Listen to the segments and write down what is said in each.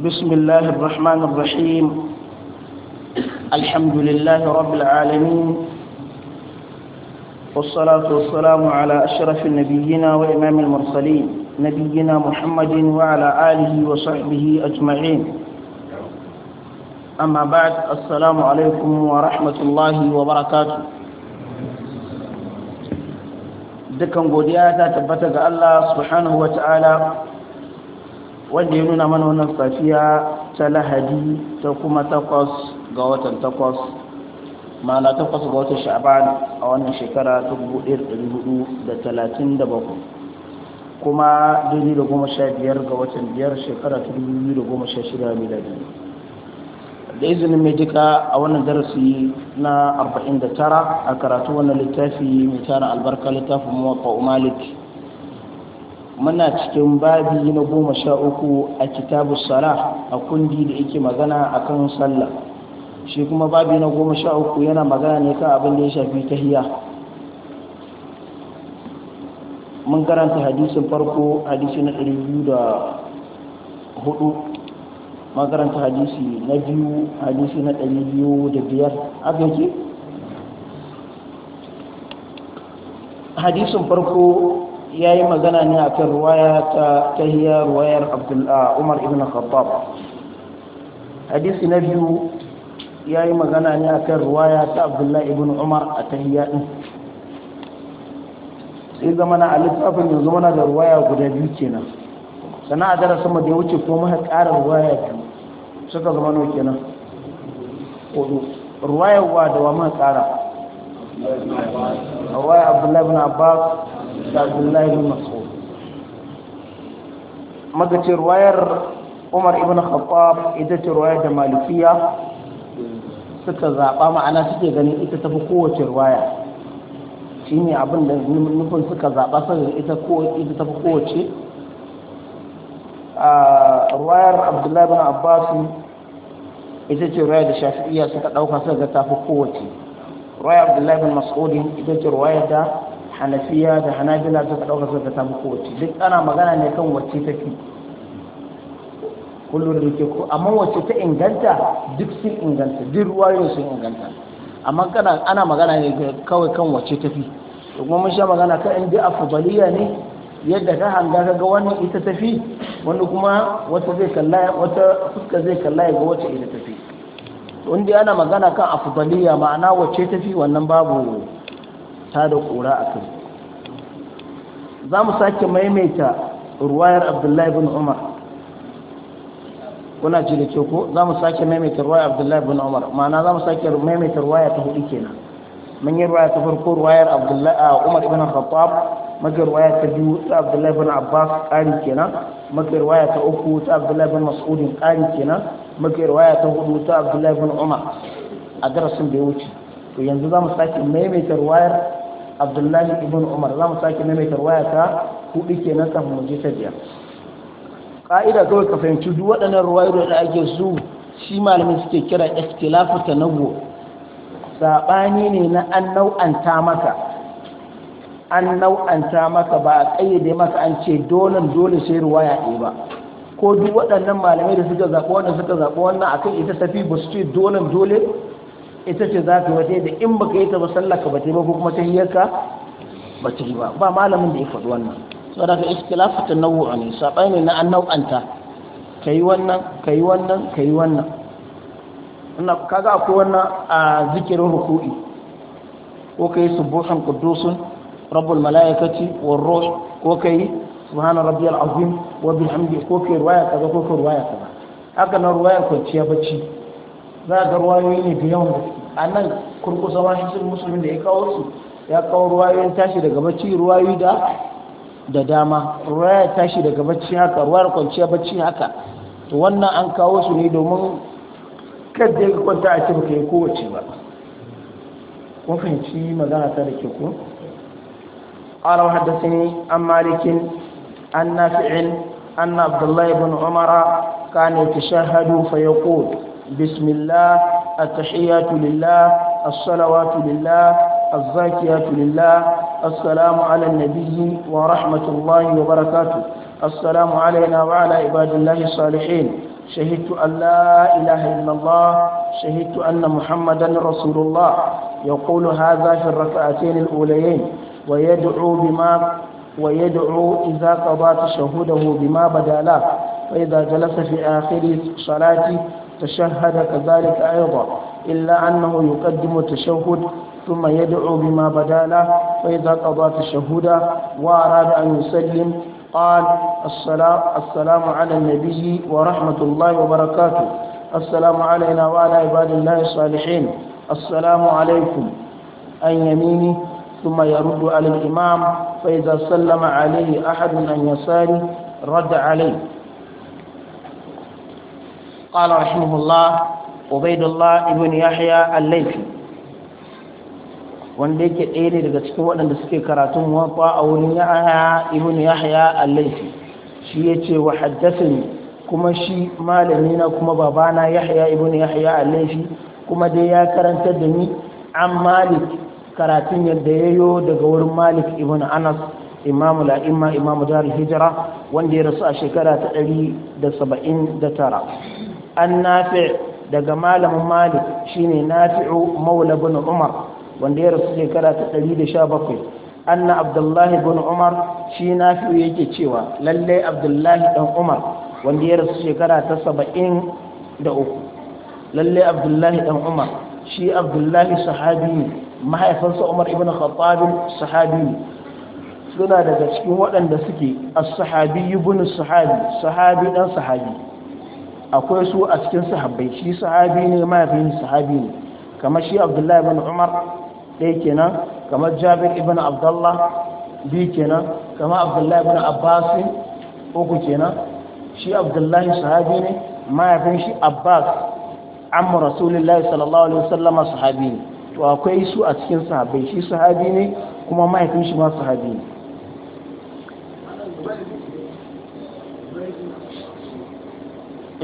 بسم الله الرحمن الرحيم الحمد لله رب العالمين والصلاة والسلام على أشرف النبيين وإمام المرسلين نبينا محمد وعلى آله وصحبه أجمعين أما بعد السلام عليكم ورحمة الله وبركاته دكان قد ياتا الله سبحانه وتعالى wanda ya nuna mana wannan safiya ta lahadi ta kuma takwas ga watan takwas mana takwas ga watan sha'ban a wannan shekara ta 1437 kuma 2015 ga watan biyar shekara ta 2016 miladi da izinin mai duka a wannan darasi na 49 a karatu wannan littafi mai tara albarka littafin muwaƙa malik muna cikin babi na goma sha uku a kitabu sara a kundi da yake magana a kan sallah shi kuma babi na goma sha uku yana magana ne kan abin da ya shafi tahiya mun karanta hadisin farko hadisi na ɗari biyu da hudu mun karanta hadisi na biyu hadisi na ɗari biyu da biyar abin ke hadisin farko ya yi magana ne a kan ruwaya ta tahiya ruwayar ah, umar ibn khattab hadisi na biyu ya yi magana ne a kan ruwaya ta abdullahi ibn umar a tahiya ɗin sai zama na alisafin yanzu mana da ruwaya guda biyu kenan sana a darasin sama da ya wuce ko muka ƙara ruwaya biyu suka zama nau kenan hudu ruwayar wa da wa muka ƙara ruwaya abdullahi ibn abbas da abdullahi bin mas'ud maka ruwayar umar ibn khattab ita ce ruwayar da malikiya suka zaɓa ma'ana suke ganin ita tafi kowace ruwaya shi ne abin da nufin suka zaɓa saboda ita tafi kowace a ruwayar abdullahi bin abbasu ita ce ruwayar da shafi'iyya suka ɗauka suka ga tafi kowace ruwayar abdullahi bin mas'udin ita ce ruwayar da hanafiya da hanabila suka ɗauka suka muku kowace duk ana magana ne kan wacce ta fi kullum da ke ko amma wacce ta inganta duk sun inganta duk ruwayoyin sun inganta amma kana ana magana ne kawai kan wacce ta fi to kuma mun sha magana kan inda afdaliya ne yadda ka hanga ka ga wannan ita ta fi wani kuma wata zai kalla wata fuska zai kalla ya ga wacce ita ta fi to ana magana kan afdaliya ma'ana wacce ta fi wannan babu ta da ƙura a kan za mu sake maimaita ruwayar abdullahi bin umar kuna ji da ko za mu sake maimaita ruwayar abdullahi bin umar ma'ana za mu sake maimaita ruwaya ta hudu kenan mun yi ruwaya ta farko ruwayar ah, umar ibn khattab maka ruwaya ta biyu ta abdullahi bin abbas ƙari kenan maka ruwaya ta uku ta abdullahi bin mas'udin ƙari kenan maka ruwaya ta hudu ta abdullahi bin umar a darasin da ya wuce to yanzu za mu sake maimaita ruwayar abdullahi ibn umar za mu sake maimaita ruwaya ta hudu kenan kafin mu ta biyar ka'ida kawai ka fahimci duk waɗannan ruwayoyi da ake su shi malamin suke kira ta tanawwu sabani ne na an nau'anta maka an nau'anta maka ba a ƙayyade maka an ce dole dole sai ruwaya ɗaya ba ko duk waɗannan malamai da suka zaɓi wannan suka zaɓi wannan akan ita tafi ba su ce dole dole ita ce za ka waje da in baka yi ta ba sallaka ba taimako kuma ta hiyarka ba ta yi ba ba malamin da ya faɗi wannan sau da ka ikhtilafu ta nau'a ne saɓai ne na an nau'anta ka yi wannan ka yi wannan ka yi wannan kaga akwai wannan a zikirin ruku'i ko ka yi subuhan kudusun rabbul mala'ikati wa ruh ko ka yi subhana rabbiyal azim wa bihamdi ko ka yi ruwaya kaza ko ka ruwaya kaza haka na ruwayar kwanciya bacci za a ga ruwayoyi ne da yawan gaske a nan kurkusa ma shi sun musulmin da ya kawo su ya kawo ruwayoyin tashi daga bacci ruwayoyi da da dama ruwaya tashi daga bacci haka ruwayar kwanciya bacci haka to wannan an kawo su ne domin kadda ya kwanta a ce baka yi kowace ba kun fahimci magana ta da ke ku قال وحدثني an مالك عن نافع أن abdullahi الله umara عمر كان يتشهد فيقول بسم الله التحيات لله الصلوات لله الزاكيات لله السلام على النبي ورحمة الله وبركاته السلام علينا وعلى عباد الله الصالحين شهدت أن لا إله إلا الله شهدت أن محمدا رسول الله يقول هذا في الركعتين الأوليين ويدعو بما ويدعو إذا قضى تشهده بما بدا له فإذا جلس في آخر صلاته تشهد كذلك أيضا إلا أنه يقدم التشهد ثم يدعو بما بدا له فإذا قضى تشهدا وأراد أن يسلم قال السلام, السلام على النبي ورحمة الله وبركاته السلام علينا وعلى عباد الله الصالحين السلام عليكم عن يمينه ثم يرد على الإمام فإذا سلم عليه أحد عن يساره رد عليه قال رحمه الله عبيد الله ابن يحيى الليثي wanda yake ɗaya ne daga cikin waɗanda suke karatun wafa a wurin yahya ibn yahya al-laifi shi ce wa haddathani kuma shi malami na kuma babana yahya ibn yahya al-laifi kuma dai ya karantar da ni an malik karatun yadda yayo daga wurin malik ibn anas imamu la'imma imamu jihar hijira wanda ya rasu a shekara ta tara an nafi daga malamin mali shine nafi'u maula bin umar wanda ya rasu shekara ta 117 anna abdullahi bin umar shi nafi'u yake cewa lallai abdullahi dan umar wanda ya rasu shekara ta 73 lallai abdullahi dan umar shi abdullahi sahabi ne mahaifinsa umar ibn khattab sahabi ne suna daga cikin waɗanda suke as-sahabi ibn sahabi sahabi dan sahabi akwai su a cikin sahabbai shi sahabi ne mahaifin sahabi ne kamar shi abdullahi ibn umar ɗaya kenan kamar jabir ibn abdullah biyu kenan kamar abdullahi ibn abbas uku kenan shi abdullahi sahabi ne mahaifin shi abbas amma rasulullahi sallallahu alaihi wasallama sahabi ne to akwai su a cikin sahabbai shi sahabi ne kuma mahaifin shi ma sahabi ne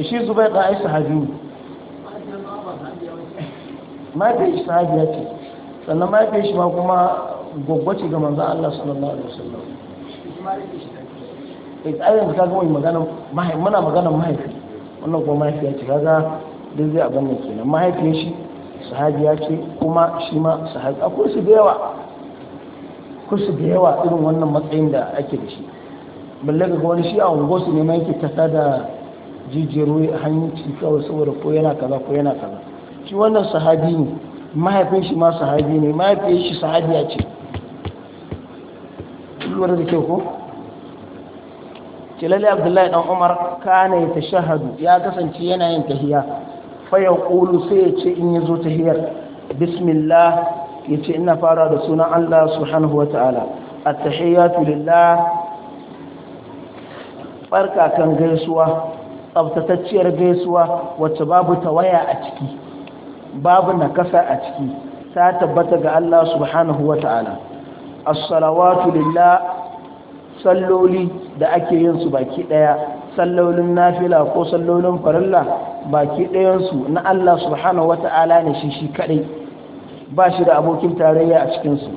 shi zubair da aisha habibu mahaifiyar shi sahabiya ce sannan mafi shi ma kuma gwaggwace ga manzan Allah sallallahu alaihi wasallam eh tsayin ta ga wani magana muna magana mahaifi wannan kuma ya ce kaga duk zai abin nan kenan ya shi ya ce kuma shi ma sahabi A kursu da yawa kursu su da yawa irin wannan matsayin da ake da shi balle ga wani shi a unguwarsu ne ma yake kasa da jijiyar hanci kawai saboda ko yana kaza ko yana kaza shi wannan sahabi ne mahaifin shi ma sahabi ne mahaifin shi sahabiya ce lura da kyau ko kilali abdullahi dan umar kana ya tashahadu ya kasance yana yin tahiya fa ya qulu sai ya ce in yazo tahiyar bismillah ya ce ina fara da sunan Allah subhanahu wa ta'ala at-tahiyatu lillah barka kan gaisuwa tsaftatacciyar gaisuwa wacce babu tawaya a ciki babu nakasa a ciki ta tabbata ga Allah subhanahu wa ta'ala as-salawatu lillah salloli da ake yin su baki daya sallolin nafila ko sallolin farilla baki ɗayansu na Allah subhanahu wa ta'ala ne shi shi kadai ba shi da abokin tarayya a cikinsu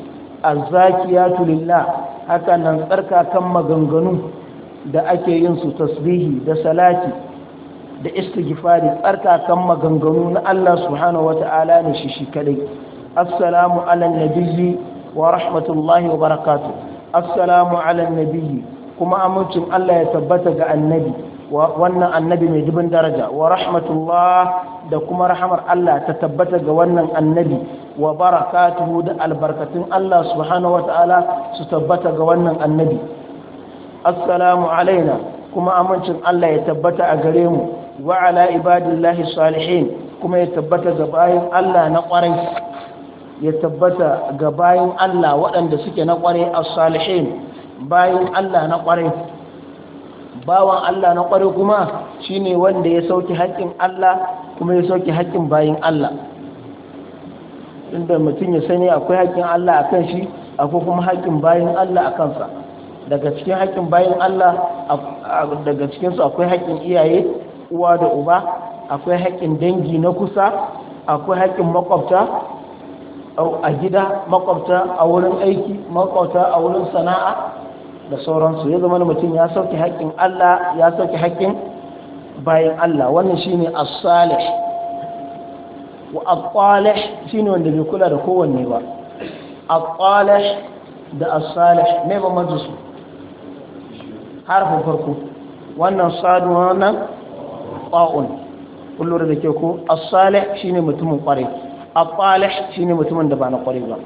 zakiyatu lillah haka nan kan maganganu da ake yin su tasbihi da salati da istighfari kan maganganu na Allah subhanahu wata'ala ne shi shi kadai assalamu ala nabiyyi wa rahmatullahi wa barakatuh assalamu ala nabiyyi kuma amincin Allah ya tabbata ga annabi wannan annabi mai dubin daraja wa rahmatullah da kuma rahmar Allah ta tabbata ga wannan annabi wa barakatuhu da albarkatun Allah subhanahu wata'ala su tabbata ga wannan annabi assalamu alaina kuma amincin Allah ya tabbata a gare mu wa ala ibadillahi salihin kuma ya tabbata ga bayin Allah na kwarai ya tabbata ga bayin Allah waɗanda suke na kwarai a salihin bayin Allah na kwarai bawan Allah na kwarai kuma shine wanda ya sauki haƙƙin Allah kuma ya sauki haƙƙin bayin Allah inda mutum ya sani akwai haƙƙin Allah akan shi akwai kuma haƙƙin bayin Allah a kansa daga cikin haƙƙin bayan Allah daga cikinsu akwai haƙƙin iyaye uwa da uba akwai haƙƙin dangi na kusa akwai haƙƙin makwabta a gida makwabta a wurin aiki makwabta a wurin sana'a da sauransu ya zama mutum ya sauke haƙƙin Allah ya sauke haƙƙin bayan Allah wannan ne as-salih wa at shi ne wanda bai kula da kowanne ba at-talih da as-salih ne ba majusu harafin farko wannan sadu wannan ƙwa'un kullum da ke ko as-salih shine mutumin ƙwarai at-talih shine mutumin da ba na ƙwarai ba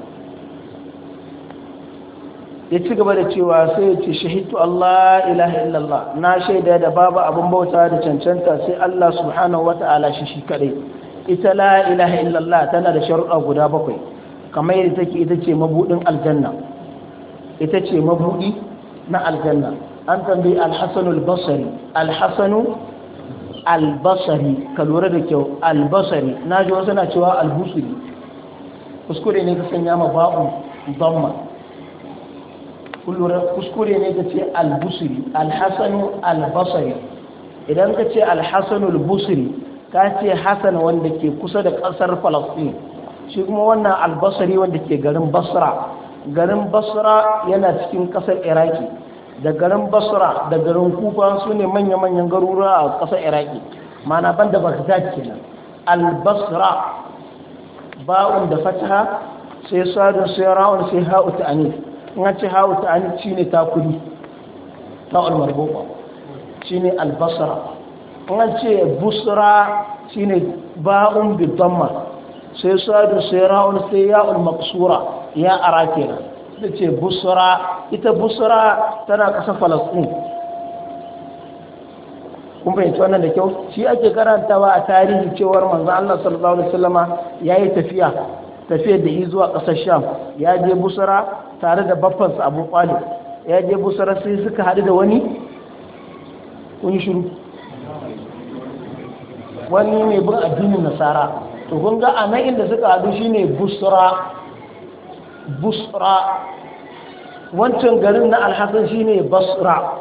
ya ci gaba da cewa sai ya ce shahidu Allah ilaha illallah na shaida da babu abin bauta da cancanta sai Allah subhanahu wata'ala shi shi kadai ita la ilaha illallah tana da sharuɗa guda bakwai kamar yadda take ita ce mabudin aljanna ita ce mabudi na aljanna an tambayi al-hasan al-basri al ka lura da kyau Albasari na ji wasu na cewa albusuri kuskure ne ka sanya ma ba'u zama kuskure ne ka ce albusuri alhassan albasari idan ka ce alhassan albusuri busri ka ce Hassan wanda ke kusa da kasar falastin shi kuma wannan Albasari wanda ke garin basra garin basra yana cikin kasar iraki da garin basra da garin kufa su ne manya-manyan garura a ƙasar iraki mana ban da baghdad kenan al-basra ba'un da fataha sai sadun sai rawar sai ha'u ta'anif in an ce ha'u ta'anif kudi, takuri ta'ul marbuqa shine al-basra in an ce busra ne ba'un bi damma sai sadun sai rawar sai ya'ul maqsura ya ara kenan suka ce busura ita busura tana kasa falasun Kuma fahimci wannan da kyau shi ake karantawa a tarihi cewar manzo Allah sallallahu alaihi wasallama yayi tafiya tafiyar da yi zuwa kasar sham ya je busura tare da baffansa abu talib ya je busura sai suka haɗu da wani kun yi shiru wani mai bin addinin nasara to kun ga a nan inda suka haɗu shine busura busra wancan garin na alhassan shi ne basra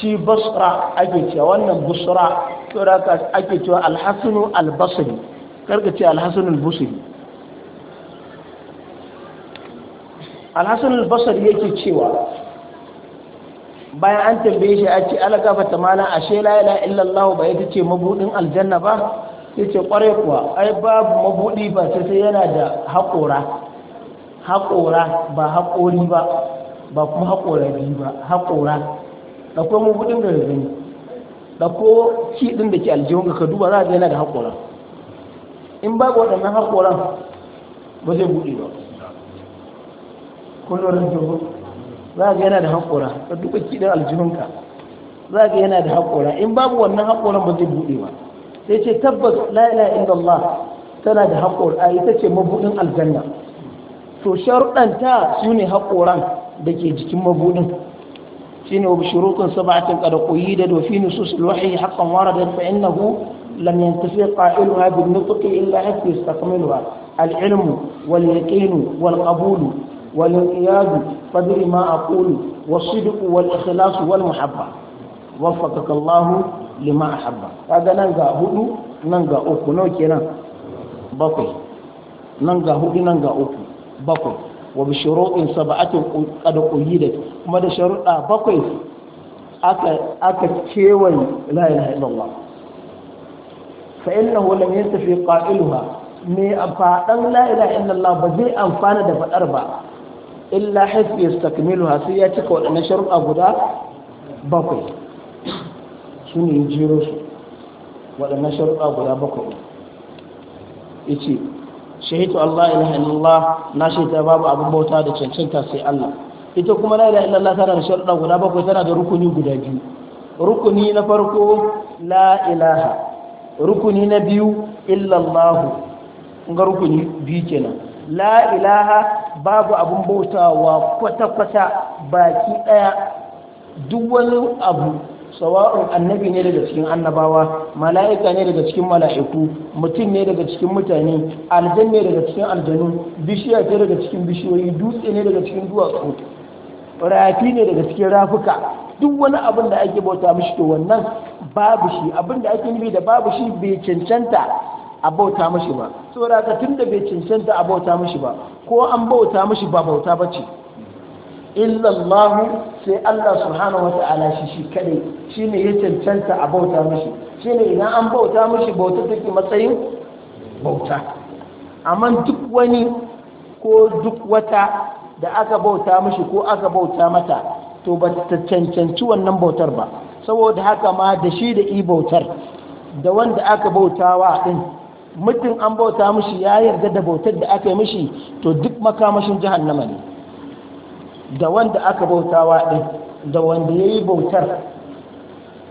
shi basra ake cewa wannan busra saboda ake cewa alhassanu albasri karka ce alhassanu albasri alhassan albasari yake cewa bayan an tambaye shi a ce alagafa ta mana ashe la'ila illallahu ba ita ce mabudin aljanna ba ya ce kwarai kuwa ai babu mabudi ba sai sai yana da haƙora haƙora ba haƙori ba ba kuma haƙora biyu ba haƙora kuma mun buɗin da da ko ki ɗin da ke aljihun ka duba za a na da haƙora in ba ga waɗannan haƙoran ba zai buɗe ba kun lura da za a yana da haƙora ka duba ki ɗin aljihun ka za a yana da haƙora in babu wannan haƙoran ba zai buɗe ba sai ce tabbas la ilaha illallah tana da haƙora ita ce mabuɗin aljanna to sharuɗanta su ne haƙoran da ke jikin mabudin shi ne wa shurutun saba'atin kada koyi da dofi nusus alwahi haqqan warada fa innahu lam yantafi qa'iluha bin nutqi illa hatta yastakmiluha al-ilmu wal yaqinu wal qabulu والانقياد قدر ما أقول والصدق والإخلاص والمحبة وفقك الله لما أحب هذا ننقى هدو ننقى أكو نوكي nan ga ننقى nan ga uku bakwai wa bi shuru'in sab'atin qad quyidat kuma da sharuɗa bakwai aka aka kewaye la ilaha illallah fa innahu lam yantafi qailuha me fadan la ilaha illallah ba zai amfana da fadar ba illa hafi yastakmiluha sai ya cika waɗannan sharuɗa guda bakwai su ne jiro su waɗannan sharuɗa guda bakwai ya shahidu Allah ilaha illallah na shaida babu abin bauta da cancanta sai Allah ita kuma la ilaha illallah tana da sharuɗa guda bakwai tana da rukuni guda biyu rukuni na farko la ilaha rukuni na biyu illallah ga rukuni biyu kenan la ilaha babu abin bautawa kwata-kwata baki ɗaya duk wani abu sawa'un annabi ne daga cikin annabawa mala'ika ne daga cikin mala'iku mutum ne daga cikin mutane aljan ne daga cikin aljanu bishiya ce daga cikin bishiyoyi dutse ne daga cikin duwatsu rafi ne daga cikin rafuka duk wani abin da ake bauta mishi to wannan babu shi abin da ake nufi da babu shi bai cancanta a bauta mishi ba saboda ka tunda bai cancanta a bauta mishi ba ko an bauta mishi ba bauta ba ce illallahu sai Allah subhanahu wa ta'ala shi shi kadai shi ne ya cancanta a bauta mashi shi ne idan an bauta mashi bauta take matsayin bauta amma duk wani ko duk wata da aka bauta mashi ko aka bauta mata to ba ta cancanci wannan bautar ba saboda haka ma da shi da i bautar da wanda aka bauta wa din mutum an bauta mashi ya yarda da bautar da aka yi mishi to duk makamashin jahannama ne da wanda aka bautawa ɗin da wanda ya yi bautar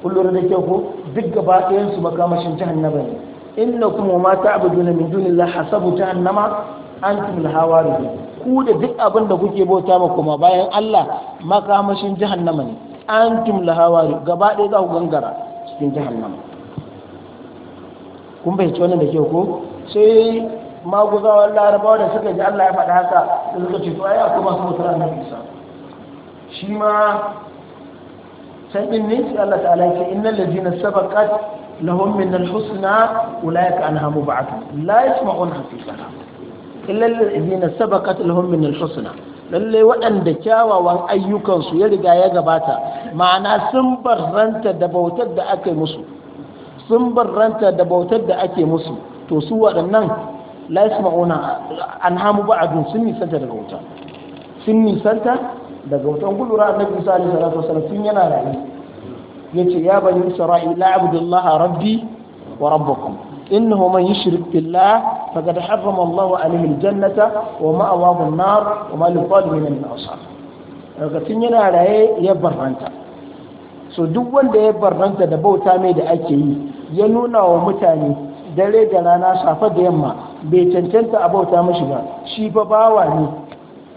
kullum da kyau ko duk gaba ɗayansu makamashin jahannama ne inda kuma ma ta abu duna min dunin la hasabu jahannama an tun hawa da ku da duk abin da kuke bauta ma kuma bayan Allah makamashin jahannama ne an tumul hawa gaba ɗaya za ku gangara cikin jahannama kun bai ci wannan da kyau ko sai maguzawa larabawa da suka ji Allah ya faɗa haka da suka ce ai akwai masu mutar annabi Isa shi ma san din ne sai Allah ta'ala ya ce innal ladina sabaqat lahum min al-husna ulaika anha mub'atun la yasma'un hafizaha illal ladina sabaqat lahum min al-husna lalle waɗanda kyawawan ayyukansu ya riga ya gabata ma'ana sun barranta da bautar da aka musu sun barranta da bautar da ake musu to su waɗannan la yasma'una anhamu ba'dun sun nisanta daga wuta sun nisanta daga wutan gudura annabi Musa alaihi salatu wasallam tun yana rayu yace ya bani isra'ila abdullahi rabbi wa rabbukum innahu man yushrik billah faqad harrama Allahu alaihi aljannata wa ma'awahu an-nar wa ma lil-zalimin min ansar daga tun yana raye ya barranta so duk wanda ya barranta da bauta mai da ake yi ya nuna wa mutane dare da rana safa da yamma bai cancanta a bauta mashi ba shi fa bawa ne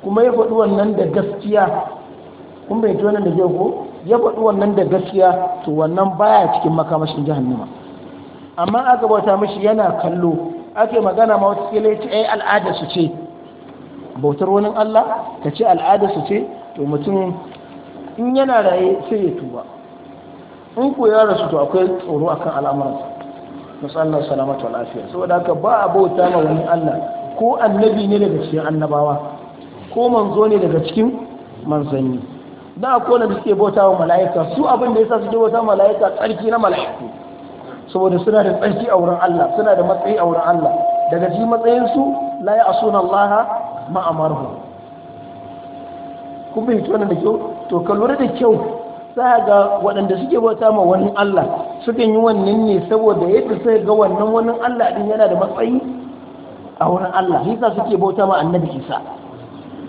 kuma ya faɗi wannan da gaskiya kun bai ci wannan da zai ko ya faɗi wannan da gaskiya to wannan baya cikin makamashin jahannama amma aka bauta mashi yana kallo ake magana ma wata kila ce ai al'ada su ce bautar wani Allah ta ce al'ada su ce to mutum in yana raye sai ya tuba in ko ya rasu to akwai tsoro akan al'amuransa musallar salamatu wa lafiya saboda haka ba a bauta ma wani Allah ko annabi ne daga cikin annabawa ko manzo ne daga cikin manzanni da ko suke bauta wa mala'ika su abin da yasa suke bauta wa mala'ika tsarki na mala'iku saboda suna da tsarki a wurin Allah suna da matsayi a wurin Allah daga ji matsayin su la ya asuna Allah ma amarhu kun bai da kyau to ka da kyau za ga waɗanda suke bauta ma wani Allah sukan yi wannan ne saboda yadda sai ga wannan wani Allah din yana da matsayi a wurin Allah shi yasa suke bauta ma annabi Isa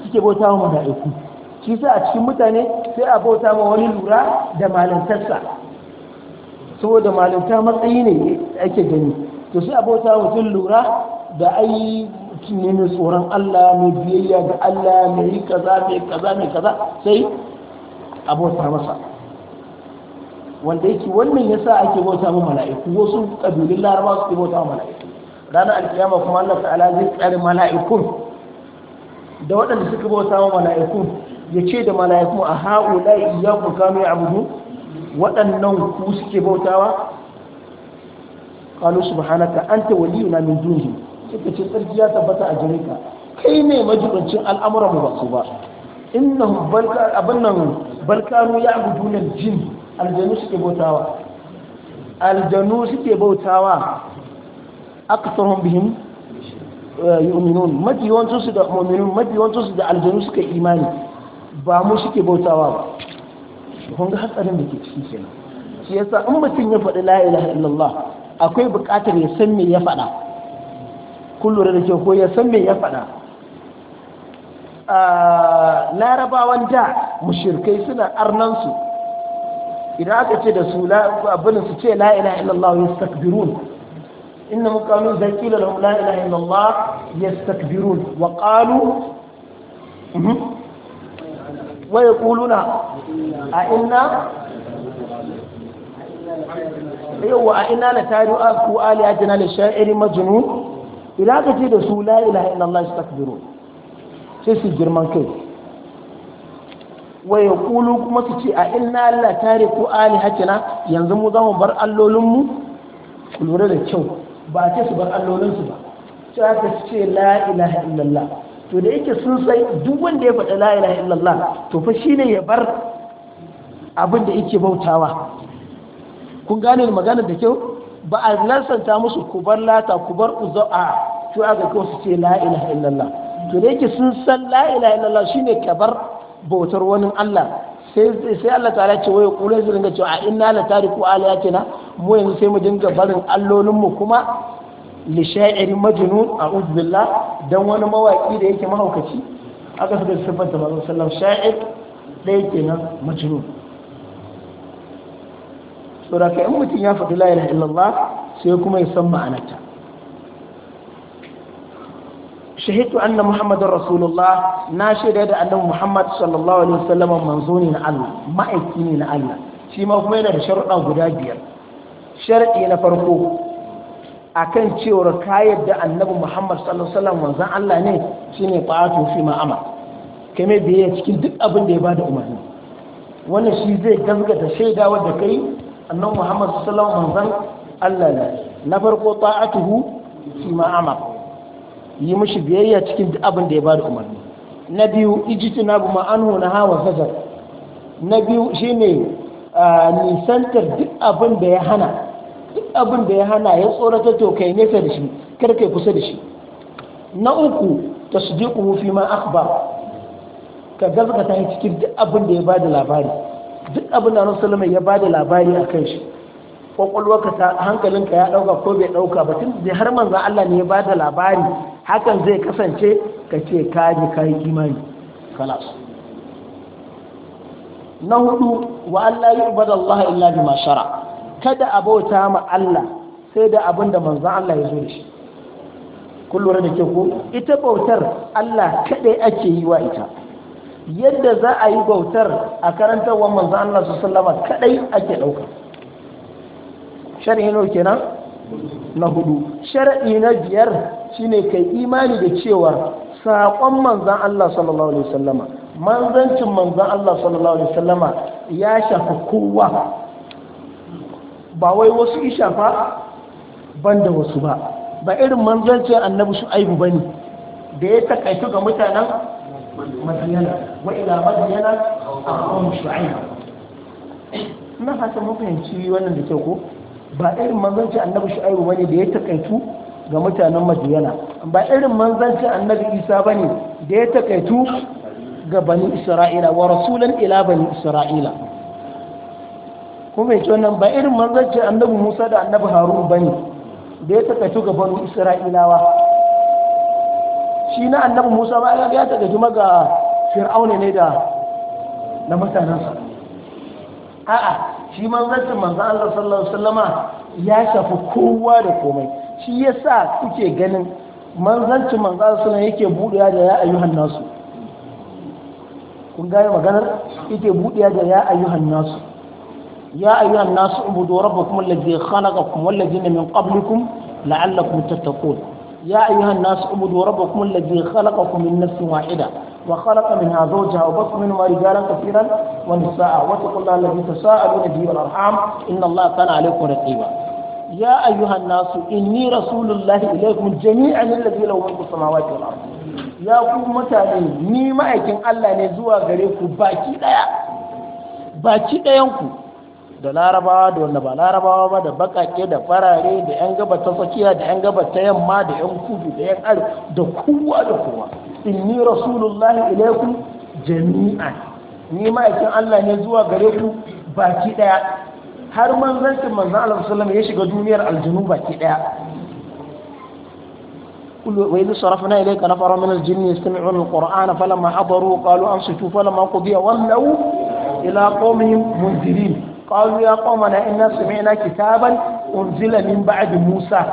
suke bauta ma mala'iku shi yasa a cikin mutane sai a bauta ma wani lura da malantarsa saboda malanta matsayi ne ake gani to sai a bauta mutum lura da ai ne tsoron Allah mai biyayya ga Allah mai kaza mai kaza mai kaza sai a bauta masa wanda yake wannan yasa ake bauta ma mala'iku wasu kabilun larabawa suke bauta ma mala'iku ranar alƙiyama kuma Allah ta'ala zai tsare mala'ikun da waɗanda suka bauta ma mala'ikun ya ce da mala'ikun a ya iyyakum kanu abubu. waɗannan ku suke bautawa qalu subhanaka anta waliyuna min dunihim suka ce tsarki ya tabbata a gare ka kai ne majibancin al'amuran mu ba su ba innahum balka abannan balkanu ya'buduna al-jinn aljanu suke bautawa aljanu suke bautawa aktsarhum bihim eh, yu'minun mafi wancan su da mu'minun mafi wancan su da aljanu suke imani ba mu suke bautawa ba kun ga hatsarin da ke ciki kenan shi yasa in mutum ya faɗi la ilaha illallah akwai buƙatar ya san me ya faɗa Kullum da ke ko ya san me ya faɗa ah, larabawan da mushirkai suna arnansu idan aka ce da su abin su ce la ilaha illallah yastakbirun innahum qalu zakila lahum la ilaha illallah yastakbirun wa qalu mhm. wa yaquluna a inna yawwa a inna la tariu aku alihatina li sha'irin majnun idan aka ce da su la ilaha illallah yastakbirun sai su girman kai wa kulu kuma su ce a inna Allah tare ko ali hakina yanzu mu zamu bar allolinmu ku lura da kyau ba ce su bar allolinsu ba sai aka ce la ilaha illallah to da yake sun sai duk wanda ya faɗa la ilaha illallah to fa shine ya bar abin da yake bautawa kun gane maganar da kyau ba a lansanta musu ku bar lata ku bar uza'a to aka kawo su ce la ilaha illallah to da yake sun san la ilaha illallah shine ka bar bautar wani Allah sai Allah ta ce waye kula su dinga cewa a inna la tariku aliyatina mu yanzu sai mu dinga barin allolin mu kuma li sha'irin majnun a'udhu billah dan wani mawaki da yake mahaukaci aka da sifanta manzo sallallahu alaihi sha'ir da kenan nan majnun saboda kai in mutum ya faɗi la ilaha illallah sai kuma ya san ma'anarta shahidu anna muhammadu rasulullah na shaida da annabi muhammad sallallahu alaihi wasallam manzo ne na Allah ma'aiki ne na Allah shi ma kuma yana da sharuɗa guda biyar sharadi na farko akan cewar ka yadda annabi muhammad sallallahu alaihi wasallam manzon Allah ne shine ta'atu fi amma kame biye cikin duk abin da ya bada umarni wannan shi zai da shaida wadda kai annabi muhammad sallallahu alaihi wasallam manzon Allah ne na farko ta'atuhu fi amma yi mishi biyayya cikin duk abin da ya bada umarni na biyu na bu an hona hawa zajar na biyu shine nisantar duk abin da ya hana duk abin da ya hana ya tsorata to kai nesa da shi kar kai kusa da shi na uku kuma fi ma akhbar ka yi cikin duk abin da ya bada labari duk abin da Annabi salama ya bada labari kan shi kwakwalwarka ta hankalinka ya dauka ko bai dauka ba tun da har manzo Allah ne ya ba da labari hakan zai kasance ka ce ka ji ka yi imani kalas na hudu wa Allah ya ubada Allah illa bi ma shara kada abota ma Allah sai da abin da manzo Allah ya zo da shi kun da ke ko ita bautar Allah kadai ake yi wa ita yadda za a yi bautar a karantarwar manzo Allah sallallahu alaihi wasallam kadai ake dauka sharhi nawa kenan na hudu shar'i na biyar shine kai imani da cewa saƙon manzan Allah sallallahu alaihi wasallama manzancin manzan Allah sallallahu alaihi wasallama ya shafa kowa ba wai wasu ishafa ban da wasu ba ba irin manzancin annabi shu'aibu bane da ya takaitu ga mutanen madiyana wa ila madiyana a shu'aibu na fata mun fahimci wannan da kyau ko ba irin manzanci annabi shu'aibu bane da ya takaitu ga mutanen madiyana ba irin manzanci annabi isa bane da ya takaitu ga bani isra'ila wa rasulan ila bani isra'ila kuma yace wannan ba irin manzanci annabi musa da annabi harun bane da ya takaitu ga bani isra'ilawa shi na annabi musa ba ya takaitu maga fir'auna ne da na mutanensa a'a shi manzancin manzan Allah sallallahu alaihi wasallama ya shafi kowa da komai shi yasa kuke ganin manzancin manzan Allah sallallahu yake buɗewa da ya ayyuhan nasu kun gane maganar yake buɗewa da ya ayyuhan nasu ya ayyuhan nasu ubudu rabbakum alladhi khalaqakum walladhina min qablikum la'allakum tattaqun ya ayyuhan nasu ubudu rabbakum alladhi khalaqakum min nafsin wahida وخلق منها زوجها وبث منهما رجالا كثيرا ونساء واتقوا الله الذي تساءلون به والارحام ان الله كان عليكم رقيبا يا ايها الناس اني رسول الله اليكم جميعا الذي له ملك السماوات والارض يا ku mutane ni ma'aikin Allah ne zuwa gare ku baki daya baki dayan ku da larabawa da wanda ba larabawa ba da bakake da farare da yan gaba ta tsakiya da yan gaba ta yamma da yan kudu da yan arewa da kowa da kowa inni rasulullahi ilaiku jami'an ni ma'aikin Allah ne zuwa gare ku baki ɗaya har manzancin manzan Allah sallam ya shiga duniyar aljinu baki daya wa idu sarafna ilaika nafara min aljinni yastami'una alqur'ana falamma hadaru qalu ansitu falamma qudiya wallaw ila qawmihim mundirin qalu ya qawmana inna sami'na kitaban unzila min ba'di musa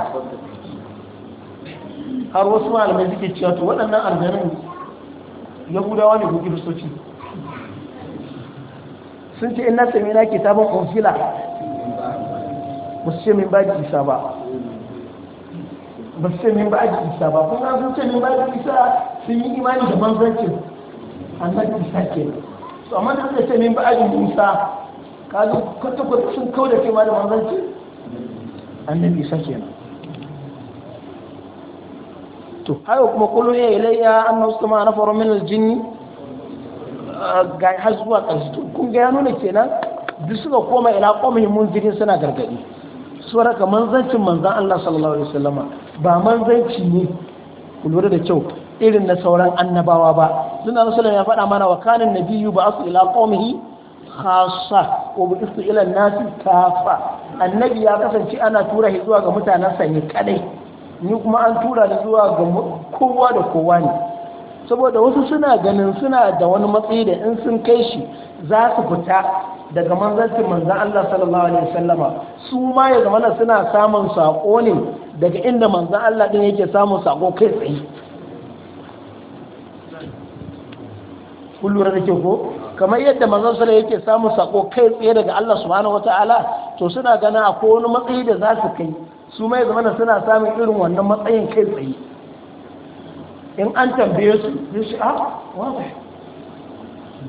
har wasu malamai suke cewa to waɗannan arzanin yahudawa ne ko kiristoci sun ce ina sami na kitabin unzila ba su ce min ba isa ba ba su ce min ba isa ba kuma sun ce min ba isa sun yi imani da manzancin annabi isa ke su amma sun ce min ba isa ka zo kwata-kwata sun kau da kima da manzancin annabi isa kenan to hayo kuma kullum ya ilayya annahu na nafaru min aljinni ga har zuwa kansu kun ga ya nuna kenan duk suka koma ila mun munzirin suna gargadi sura ka manzancin manzan Allah sallallahu alaihi wasallama ba manzanci ne ku da kyau irin na sauran annabawa ba sunan rasulullah ya faɗa mana wa kana nabiyyu ba'athu ila qawmihi khassa wa bu'ithu ila nasi kafa annabi ya kasance ana tura shi zuwa ga mutanen sa ne kadai ni kuma an tura ni zuwa ga kowa da kowa ne saboda wasu suna ganin suna da wani matsayi da in sun kai shi za su fita daga manzancin manzan Allah sallallahu alaihi wasallama su ma ya zama suna samun sako ne daga inda manzan Allah din yake samun sako kai tsaye kun da ke ko kamar yadda manzan sallallahu yake samun sako kai tsaye daga Allah subhanahu wataala to suna ganin akwai wani matsayi da za su kai su mai zama suna samun irin wannan matsayin kai tsaye in an tambaye su zai shi a wata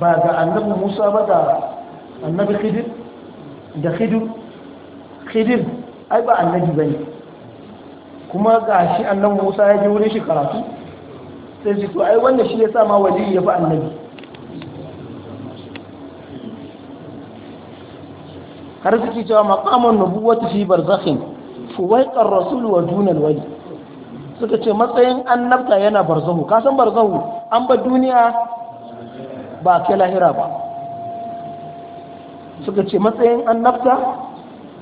ba ga annabi musa ba da annabi khidir da khidir khidir ai ba annabi ba kuma ga shi annabi musa ya ji wurin shi karatu sai shi to ai wannan shi ya sa ma wali ya fi annabi har suke cewa maqamun nubuwwati fi barzakhin fuwaikar rasul wa dunan wani suka ce matsayin annabta yana barzahu kasan barzahu an ba duniya ba kai lahira ba suka ce matsayin annabta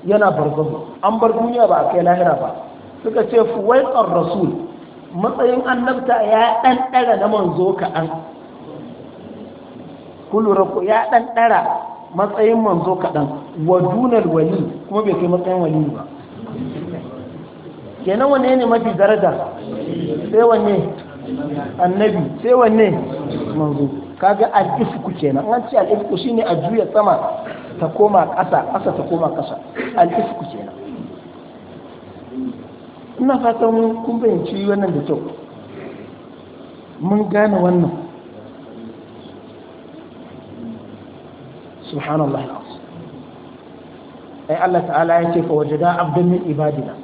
yana barzahu an bar duniya ba kai lahira ba suka ce fuwaikar rasul matsayin annabta ya dan dara na manzo kaɗan kulura ya dan dara matsayin manzo kaɗan wa dunal wali kuma bai kai matsayin wali ba kenan wanne ne mafi daraja sai wanne annabi sai wanne manzo kaga al-ifku kenan an ce al-ifku shine a juya sama ta koma ƙasa ƙasa ta koma ƙasa al-ifku kenan ina fatan kun fahimci wannan da kyau mun gane wannan subhanallah ai Allah ta'ala ya ce fa wajada abdan min ibadina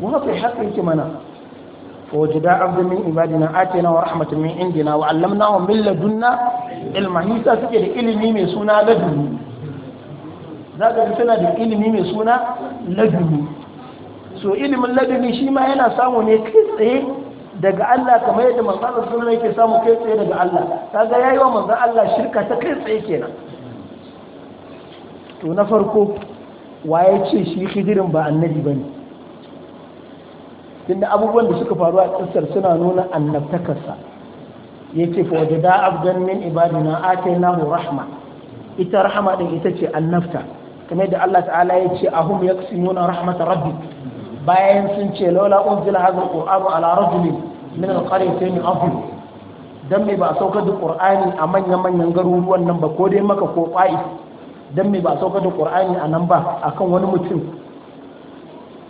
mu haka haƙin ki mana fa wajada abdan min ibadina atina wa rahmatan min indina wa allamnahu min ladunna ilma hisa suke da ilimi mai suna ladunni ka ji tana da ilimi mai suna ladunni so ilimin ladunni shi ma yana samu ne kai tsaye daga Allah kamar yadda manzon sunan yake samu kai tsaye daga Allah kaga yayi wa manzon Allah shirka ta kai tsaye kenan to na farko waye ce shi hijirin ba annabi ba ne inda abubuwan da suka faru a ƙasar suna nuna annabtakarsa ya ce fa wajen da abdan min ibadina ake nahu rahma ita rahama ɗin ita ce annabta kamar da Allah ta'ala ya ce ahum ya kusi nuna rahmata rabbi bayan sun ce laula unzila hazin ƙur'anu ala rajulin min alƙaryatai min abu dan me ba a saukar da ƙur'ani a manya-manyan garuruwan nan ba ko dai maka ko ƙwa'if dan me ba saukar da qur'ani a nan ba akan wani mutum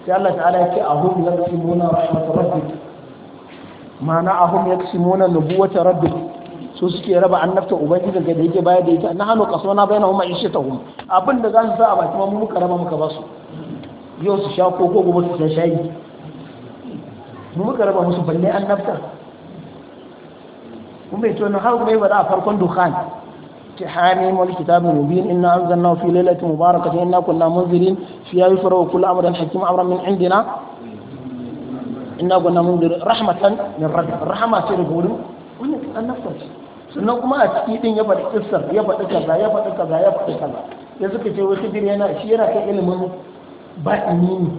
sai Allah ta'ala ya ce ahum yaqsimuna rahmat rabbi ma'ana ahum yaqsimuna nubuwata rabbi su suke raba annabta ubangiji ga da yake baya da yake na hannu kaso na bayan umma ishe ta hum abin da za su sa a baki ma muka raba muka ba su yau su sha koko gobe su sha shayi mu muka raba musu balle annabta mun bai na har mai bada a farkon dukan. حاميم والكتاب المبين إنا أنزلناه في ليلة مباركة إنا كنا منذرين فيها يفرغ كل أمر حكيم أمرا من عندنا إنا كنا منذرين رحمة من ربك رحمة سيقول النفس sannan kuma a ciki din ya faɗi kissar ya faɗi kaza ya faɗi kaza ya faɗi kaza ya suka ce wasu biri yana shi yana kan ilimin baɗini ne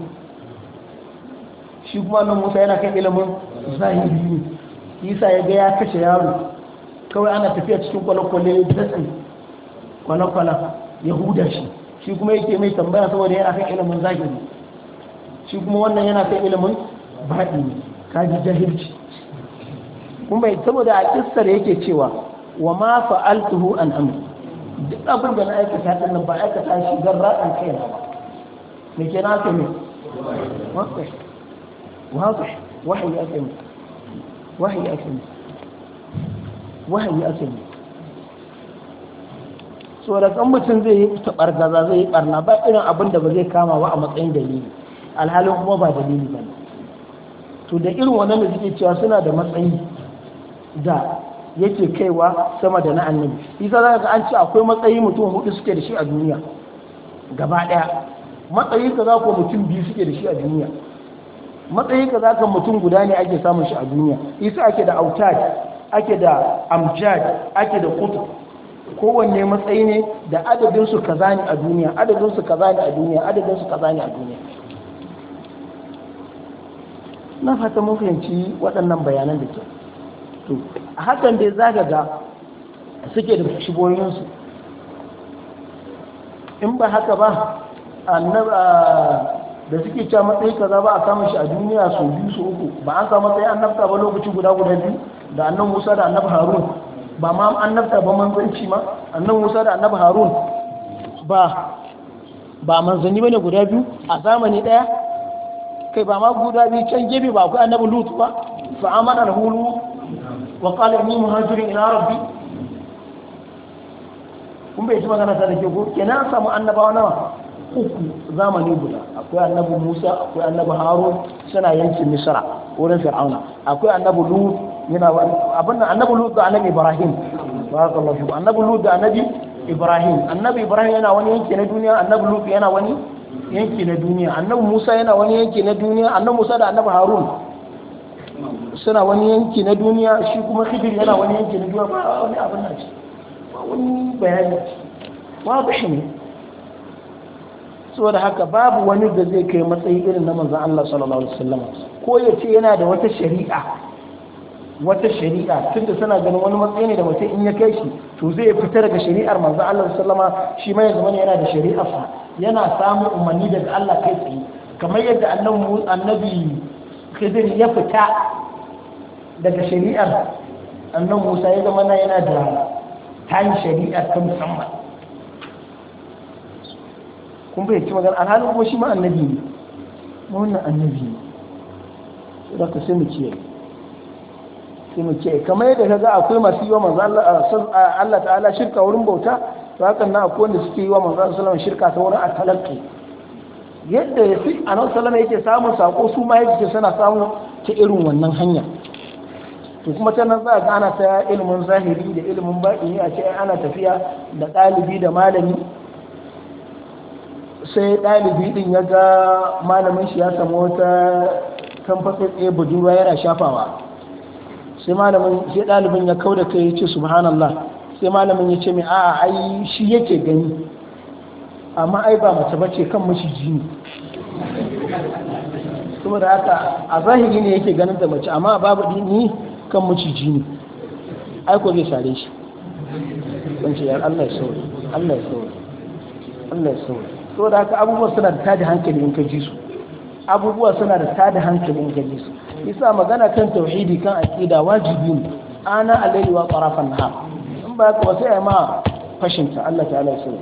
shi kuma nan musa yana kan ilimin zahiri ne isa ya ga ya kashe yaro kawai ana tafiya cikin kwale-kwale datsin kwale-kwale ya huda shi shi kuma yake mai tambaya saboda yana kan ilimin zahiri shi kuma wannan yana kan ilimin baɗi ne kaji jahilci kuma saboda a kissar yake cewa wa ma fa'altuhu an amri duk abin da na aikata din nan ba aikata shi don raɗin kai na ba me ke na ka ne wahayi ake mu wahayi ake mu wahayi ake ne so da kan mutum zai yi gaza zai yi barna ba irin abin da ba zai kama ba a matsayin dalili alhalin kuma ba dalili ba to da irin wannan da suke cewa suna da matsayi da yake kaiwa sama da na annabi isa za ga an ce akwai matsayi mutum hudu suke da shi a duniya gaba daya matsayi ka za ku mutum biyu suke da shi a duniya matsayi ka za ka mutum guda ne ake samun shi a duniya isa ake da autad ake da amjad ake da kutu kowanne matsayi ne da adadinsu kaza ne a duniya adadinsu kaza ne a duniya adadinsu kaza ne a duniya na fata mun fahimci waɗannan bayanan da ke to hakan dai za ga suke da shigoyinsu in ba haka ba da suke cewa matsayi kaza ba a samun shi a duniya su biyu su uku ba an samu matsayi annabta ba lokaci guda guda biyu da annan musa da annabi harun ba ma annabta ba manzanci ma annan musa da annabi harun ba ba manzanni bane guda biyu a zamani daya kai ba ma guda biyu can gebe ba akwai annabi lut ba fa amana al-hulu wa qala inni muhajirun ila rabbi kun bai ji magana ta da ke ko kenan samu annabawa nawa uku zamani guda akwai annabi musa akwai annabi harun suna yankin misra wurin fir'auna akwai annabi lut yana abin da annabi lut da annabi ibrahim barakallahu fiku annabi lut da annabi ibrahim annabi ibrahim yana wani yanki na duniya annabi lut yana wani yanki na duniya annabi musa yana wani yanki na duniya annabi musa da annabi harun suna wani yanki na duniya shi kuma khidir yana wani yanki na duniya ba wani abin nan shi. ba wani bayani ba ba shi ne saboda haka babu wani da zai kai matsayi irin na manzon Allah sallallahu alaihi wasallam ko ya ce yana da wata shari'a wata shari'a tun da suna ganin wani matsayi ne da mutum in ya kai shi to zai fita daga shari'ar manzo Allah sallama shi ma ya ne yana da shari'ar sa yana samun umarni daga Allah kai tsaye kamar yadda annabi annabi Khidir ya fita daga shari'ar annan Musa ya zama na yana da tayin shari'ar ta musamman kun fahimci magana alhalin kuma shi ma annabi ne wannan annabi ne sai da ka sai mu kiyaye sai ce kamar yadda ga akwai masu yi wa manzo Allah ah, ah, ta'ala shirka wurin bauta to hakan na akwai wanda suke yi wa manzo Allah shirka ta wurin atalaqi yadda ya fi annabi salama yake samun sako su ma yake suna samun ta irin wannan hanya to kuma ta nan za ka ana ta ilimin zahiri da ilimin baɗini a ce ana tafiya da ɗalibi da malami sai ɗalibi ɗin ya ga malamin shi ya samu wata kamfasar ɗaya budurwa yana shafawa sai malamin sai ɗalibin ya kauda kai ce subhanallah sai malamin ya ce mai a'a ai shi yake gani amma ai ba mace bace kan maciji ne saboda haka a zahiri ne yake ganin da mace amma babu dini kan maciji jini ai ko zai sare shi don ce ya Allah ya sauri Allah ya sauri Allah ya sauri saboda haka abubuwan suna da tada hankali in ka ji su abubuwa suna da tada hankalin gani su isa magana kan tauhidi kan aqida wajibi ana alayhi wa tarafan ha in ba ka wasai ai ma fashin Allah ta'ala ya sani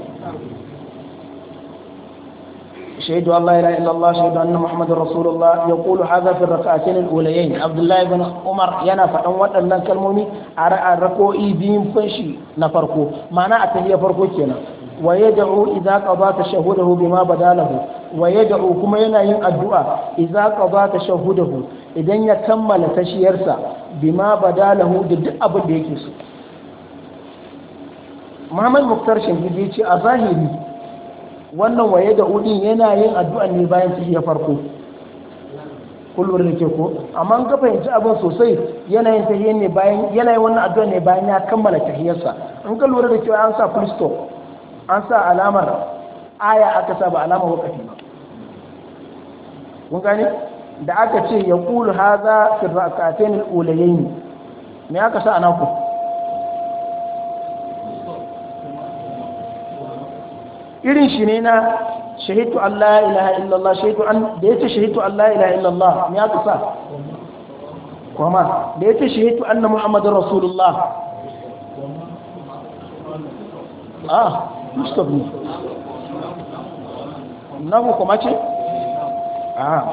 shaidu Allah ila illa Allah shaidu anna Muhammadur Rasulullah yaqulu hadha fi rak'atayn al-ulayayn Abdullah ibn Umar yana fadan waɗannan kalmomi a rak'o'i biyun fashi na farko mana a tafiya farko kenan wa yad'u idza qada tashahudahu bima badalahu wa yad'u kuma yana yin addu'a idza qada tashahudahu idan ya kammala tashiyarsa bima badalahu da duk abin da yake so Muhammad Muktar Shingidi ce a zahiri wannan waye da din yana yin addu'a ne bayan tashiya farko kullum da ke ko amma ga fahimci abin sosai yanayin tahiyar ne bayan yanayin wannan addu'a ne bayan ya kammala tahiyarsa in ka lura da cewa an sa full stop an sa alamar aya aka sa ba alamar wakafi ba kun gane da aka ce ya kulu haza fi rak'atayn al-ulayayn me aka sa ana ku irin shi ne na shahidu Allah ilaha illallah shahidu an da yace shahidu Allah ilaha illallah me aka sa kuma da yace shahidu anna muhammadar rasulullah ah na ku kuma ce a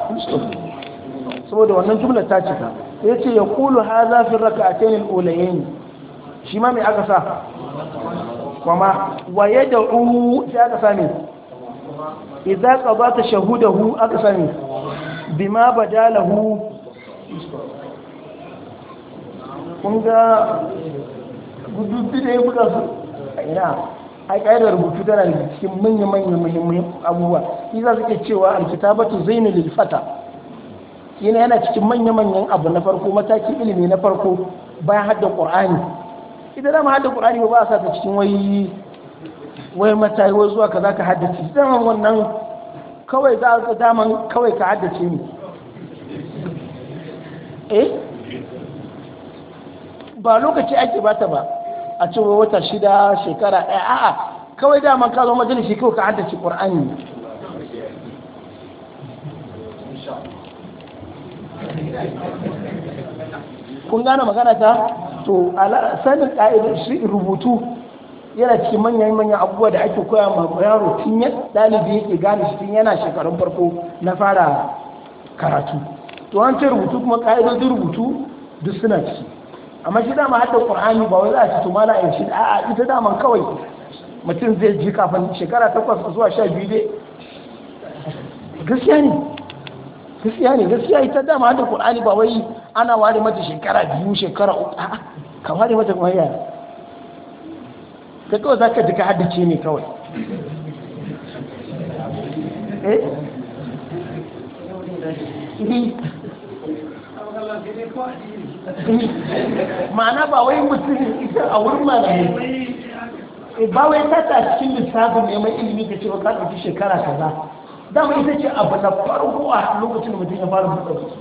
saboda wannan jumla ta cika ya ce ya kulu ha zafin raka a tenin olayen shi ma mai aka sa kuma waye da uru sai aka sami idan ka ba ta shahudahu aka sami bima badalahu kun ga gudu da ya buga su a ina ai da rubutu tana da cikin manya-manyan muhimman abubuwa shi za su ke cewa alkitabatu zainul lilfata yana yana cikin manya-manyan abu na farko mataki ilimi na farko bayan hadda qur'ani idan da ma hadda qur'ani ba a sa ta cikin wai wai wai zuwa kaza ka haddace idan wannan kawai za ka daman kawai ka haddace ni eh ba lokaci ake bata ba a cin wata shida shekara ɗaya a'a kawai dama ka zo majalisi kawai ka haddace qur'ani kun gane magana ta to sanin ƙa'idar shi rubutu yana cikin manyan manyan abubuwa da ake koya ma yaro tun ya ɗalibi yake gane shi tun yana shekarun farko na fara karatu to an ce rubutu kuma ka'idodin rubutu duk suna ciki amma shi dama hadda qur'ani ba wai za a ci to mala in shi a'a ita dama kawai mutum zai ji kafin shekara takwas zuwa sha biyu dai gaskiya ne gaskiya ne gaskiya ita dama hadda qur'ani ba wai ana ware mata shekara biyu shekara uku a'a ka ware mata kuma yaya ka kawai za ka duka haddace ne kawai eh ni ma'ana ba wai mutum ita a wurin malamai eh, ba wai ta ta cikin lissafin neman ilimi ka ce ba ka ɗauki shekara kaza dama ita ce abu na farko a lokacin da mutum ya fara buɗe baki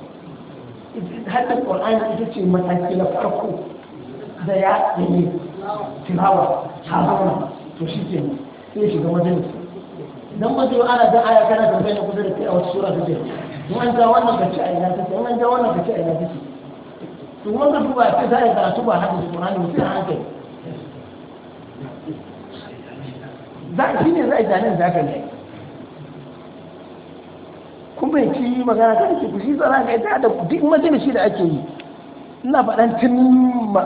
haddar ƙwar'ani ita ce mataki na farko da ya ɗaya tilawa hazana to shi ke sai ga majalisa don ba zai ana jan aya kana da kusa da kai a wasu sura da ce wanda wannan ka a ina ce wannan ka ci a ina ta Kuma wannan duba tuba a sai karatu ba hadin Qur'ani an shi ne zai zanen za ka yi kun bai ci magana kan ki ku shi tsara ga ita da duk shi da ake yi ina faɗan tun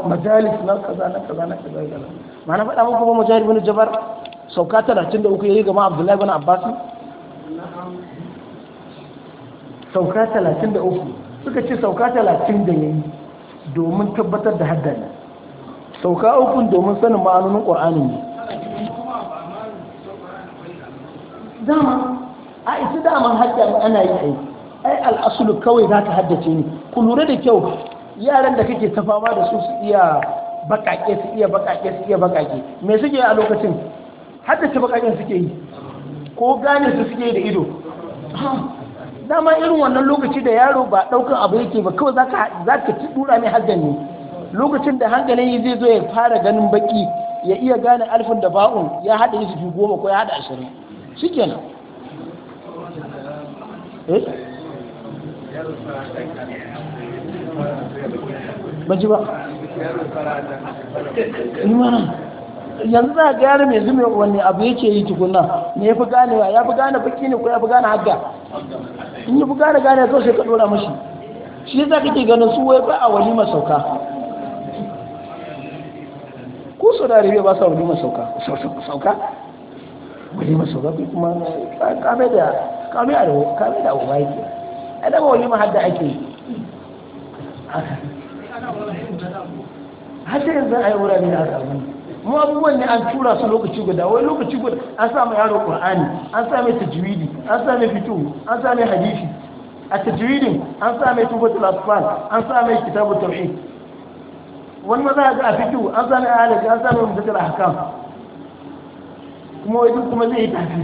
majalis na kaza na kaza na kaza kaza ma na faɗa muku ba majalis wani jabar sauka talatin da uku ya yi gama abdullahi wani abbasu sauka talatin da uku suka ce sauka talatin da ya yi. domin tabbatar da haddana sauka ukun domin sanin ma'anonin ƙwa'anin ne dama a isi daman hajjar ana yi aiki ai al'asulu kawai za ta haddace ni ku lura da kyau yaran da kake tafawa da su su iya bakake su iya bakake su iya bakake me suke a lokacin haddace bakaken suke yi ko gane su suke da ido dama irin wannan lokaci da yaro ba daukan abu yake ba kawai za ka ci dura mai hankali lokacin da hankalin zai zo ya fara ganin baki ya iya gane alfin da ba'un ya haɗa shi ji goma ko ya haɗa ashirin shikenan eh? baji ba yanzu za ga yaro mai zume wani abu yake yi tukuna ne ya fi ganewa ya fi gane baki ne ko ya fi gane hagga in yi fi gane gane zo sai ka dora mashi shi za ka ke ganin su wai ba a wani masauka. Ko su da rabe ba sa wani masauka? sauka wani masauka ku kuma kame da kame a kame da abu bai a dama wani hadda ake yi haka har yanzu a yi wurare na mu abubuwan ne an tura su lokaci guda wai lokaci guda an sa mai yaro qur'ani an sa mai tajwidi an sa mai fitu an sa mai hadisi a tajwidin an sa mai al asfal an sa mai kitabut tauhid wani maza ga fitu an sa mai alaji an sa mai mutatul ahkam kuma wai duk kuma zai yi tafi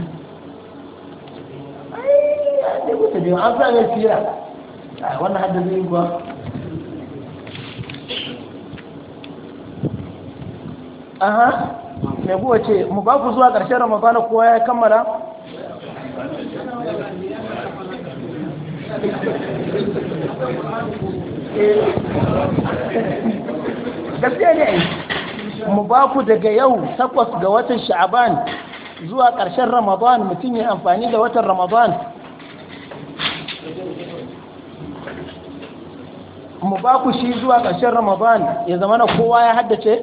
ai ya ce an sa mai wannan hadda ne kuwa aha mai buwa ce mu ba ku zuwa ƙarshen ramadana kowa ya kammala eh. gaskiya ne mu ba ku daga yau takwas ga watan sha'aban zuwa ƙarshen ramadan mutum ya amfani da watan ramadan mu ba ku shi zuwa ƙarshen ramadan ya zama na kowa ya haddace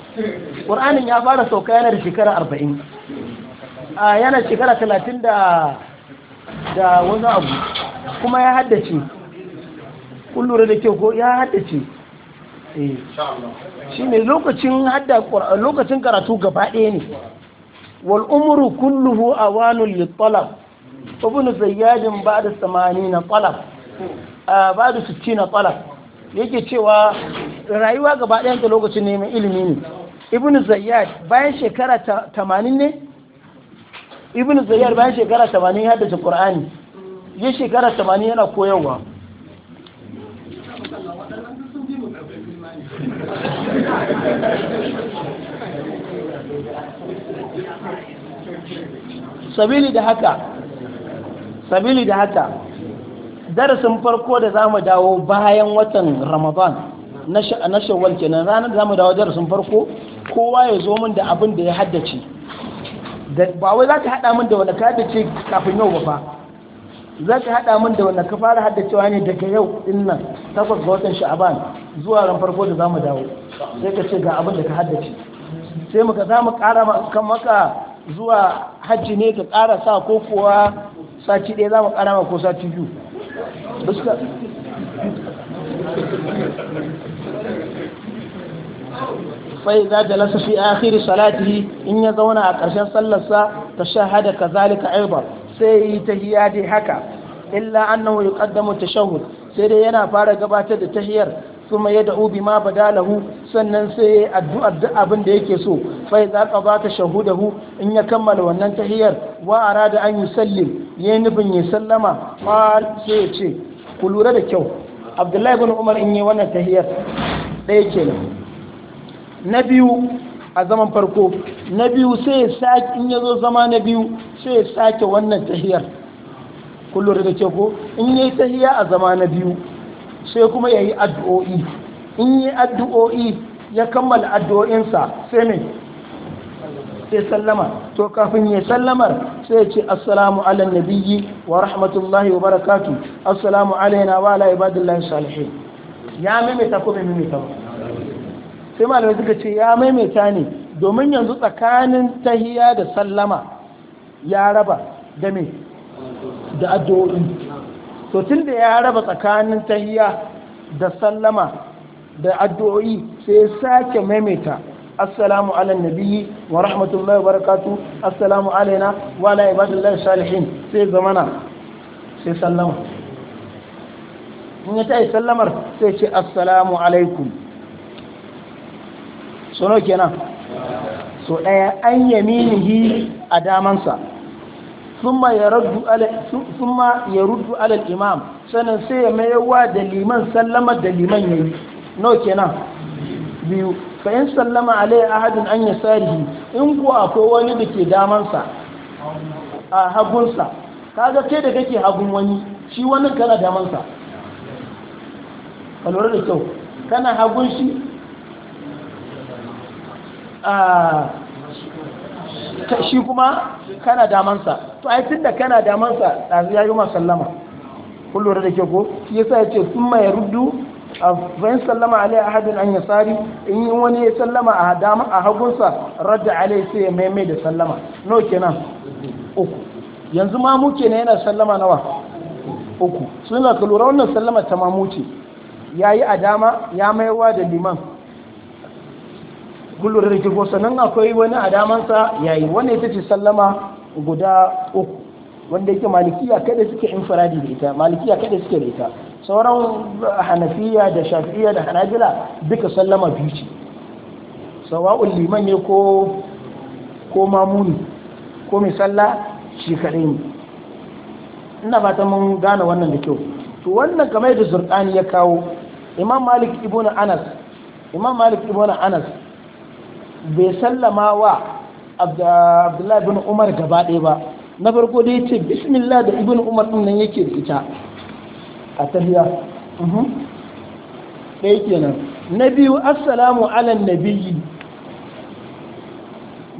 ƙur'anin ya fara sauka yanar shekara arba'in a yanar shekara talatin da da wani abu kuma ya haddace kun lura da kyau ko ya haddace eh. shi ne lokacin hadda lokacin karatu gaba ɗaya ne wal umru kulluhu awanul litalab ibn zayyadin Ba da talab ba'da na talab yake cewa rayuwa gaba ɗayan ta lokacin neman ilimi ne ibn zayyad bayan shekara tamanin ne ibn zayyad bayan shekara tamanin ya haddace Kur'ani? yi shekara tamanin yana koyarwa sabili da haka sabili da haka darasin farko da za mu dawo bayan watan ramadan na shawwal kenan ranar da za mu dawo darasin farko kowa ya zo min da abin da ya haddace ba wai za ka haɗa min da wanda ka haddace kafin yau ba fa za ka haɗa min da wanda ka fara haddacewa ne daga yau din nan takwas ga watan sha'aban zuwa ran farko da za mu dawo sai ka ce ga abin da ka haddace sai muka za mu ƙara kan maka zuwa hajji ne ka ƙara sa ko kuwa sati ɗaya za mu ƙara ma ko sati biyu fai za ta lasa fi akhiri salatihi in ya zauna a ƙarshen sallarsa ta shahada ka zalika aiba sai yi ta hiya haka illa annahu yuqaddamu tashahhud sai dai yana fara gabatar da tahiyar kuma ya da ubi ma badalahu sannan sai ya addu'a duk abin da yake so fai za ka ba ta shahudahu in ya kammala wannan tahiyar wa arada an yusallim ya nufin ya sallama qal sai ya ce ku lura da kyau abdullahi bin umar in yi wannan tahiyar ɗaya kenan na biyu a zaman farko na biyu sai ya sake in ya zo zama na biyu sai ya sake wannan tahiyar kullum da ke ko in ya yi tahiya a zama na biyu sai kuma ya yi addu'o'i in yi addu'o'i ya kammala addu'o'insa sai mai sai sallama to kafin ya sallamar sai ya ce assalamu ala nabiyyi wa rahmatullahi wa barakatu assalamu alaina wa ala ibadillahi salihin ya mimita ko bai mimita ba sai malamai suka ce ya maimaita ne domin yanzu tsakanin tahiya da sallama ya raba da me da addu'o'i to tunda ya raba tsakanin tahiya da sallama da addu'o'i sai ya sake maimaita assalamu ala nabiyyi wa rahmatullahi wa barakatuh assalamu alaina wa ala ibadillahi salihin sai zamana sai sallama in ya ta yi sallamar sai ce assalamu alaikum so nawa kenan so daya an yaminihi a damansa thumma yaraddu ala thumma yaruddu ala al-imam sanan sai ya yawa da liman sallama da liman yayi no kenan biyu fa in sallama alai ahadin an yasarihi in ko akwai wani da ke damansa a hagunsa kaga kai da kake hagun wani shi wannan kana damansa ka da kyau kana hagun shi Ah, shi kuma kana damansa to ai tun da kana damansa ɗazu ya yi ma sallama kun lura da ke ko shi yasa ya ce sun mai ruddu a bayan sallama alai ahadin an yasari in yi wani ya sallama a dama a hagunsa radda alai sai ya maimai da sallama no kenan uku yanzu ma muke ne yana sallama nawa uku sun ka lura wannan sallama ta mamuci ya yi a dama ya maiwa da liman kullum da kirgo sannan akwai wani a damansa yayi wanda ita ce sallama guda uku wanda yake malikiya kada suke infiradi da ita malikiya kada suke da ita sauran hanafiya da shafiya da hanajila duka sallama biyu ce sawa'ul liman ne ko ko mamuni ko mai sallah shi kaɗai ne ina ta mun gane wannan da kyau to wannan kamar da zurqani ya kawo imam malik ibn anas imam malik ibn anas bai sallama wa abdullahi bin umar gaba ɗaya ba na farko da ya ce bismillah da ibn umar ɗin nan yake rikita, ita a tafiya mhm. ɗaya kenan na biyu assalamu ala nabiyyi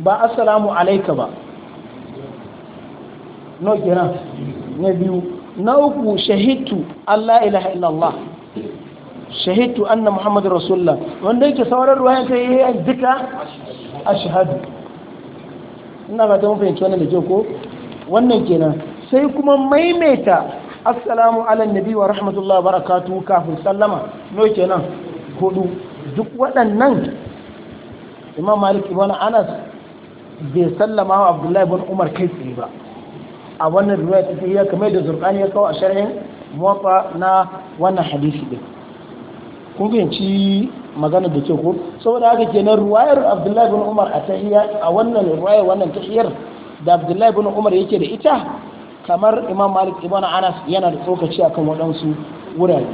ba assalamu alaika ba no kenan na biyu na uku shahitu allah ilaha illallah shahidu anna muhammadu rasulullah wanda yake sauran ruwayan ta yi a shahadu? ina ba ta mun wannan da ke ko wannan kenan sai kuma maimaita assalamu ala nabi wa rahmatullah barakatu kafin sallama no kenan hudu duk waɗannan imam malik ibn anas bai sallama wa abdullahi ibn umar kai tsaye ba a wannan ruwaya ta iya kamar da zurqani ya kawo a sharhin muwatta na wannan hadisi din kun fahimci magana da ke ko saboda haka kenan ruwayar abdullahi bin umar a tahiyya a wannan ruwayar wannan tahiyyar da abdullahi bin umar yake da ita kamar imam malik ibn anas yana da tsokaci akan waɗansu wurare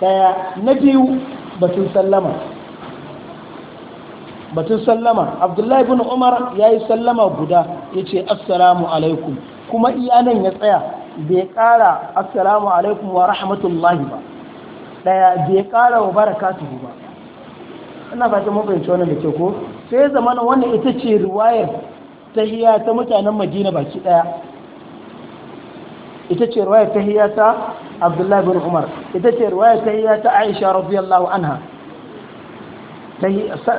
daya na biyu batun sallama batun sallama abdullahi bin umar ya yi sallama guda ya ce assalamu alaikum kuma iyanan ya tsaya bai kara assalamu alaikum wa rahmatullahi ba ɗaya bai ƙara wa baraka su ba ina fata mun fahimci wannan da ke ko sai zama na wannan ita ce riwayar ta hiya ta mutanen madina baki ɗaya ita ce riwayar ta hiya ta abdullahi bin umar ita ce riwayar ta hiya ta aisha radiyallahu anha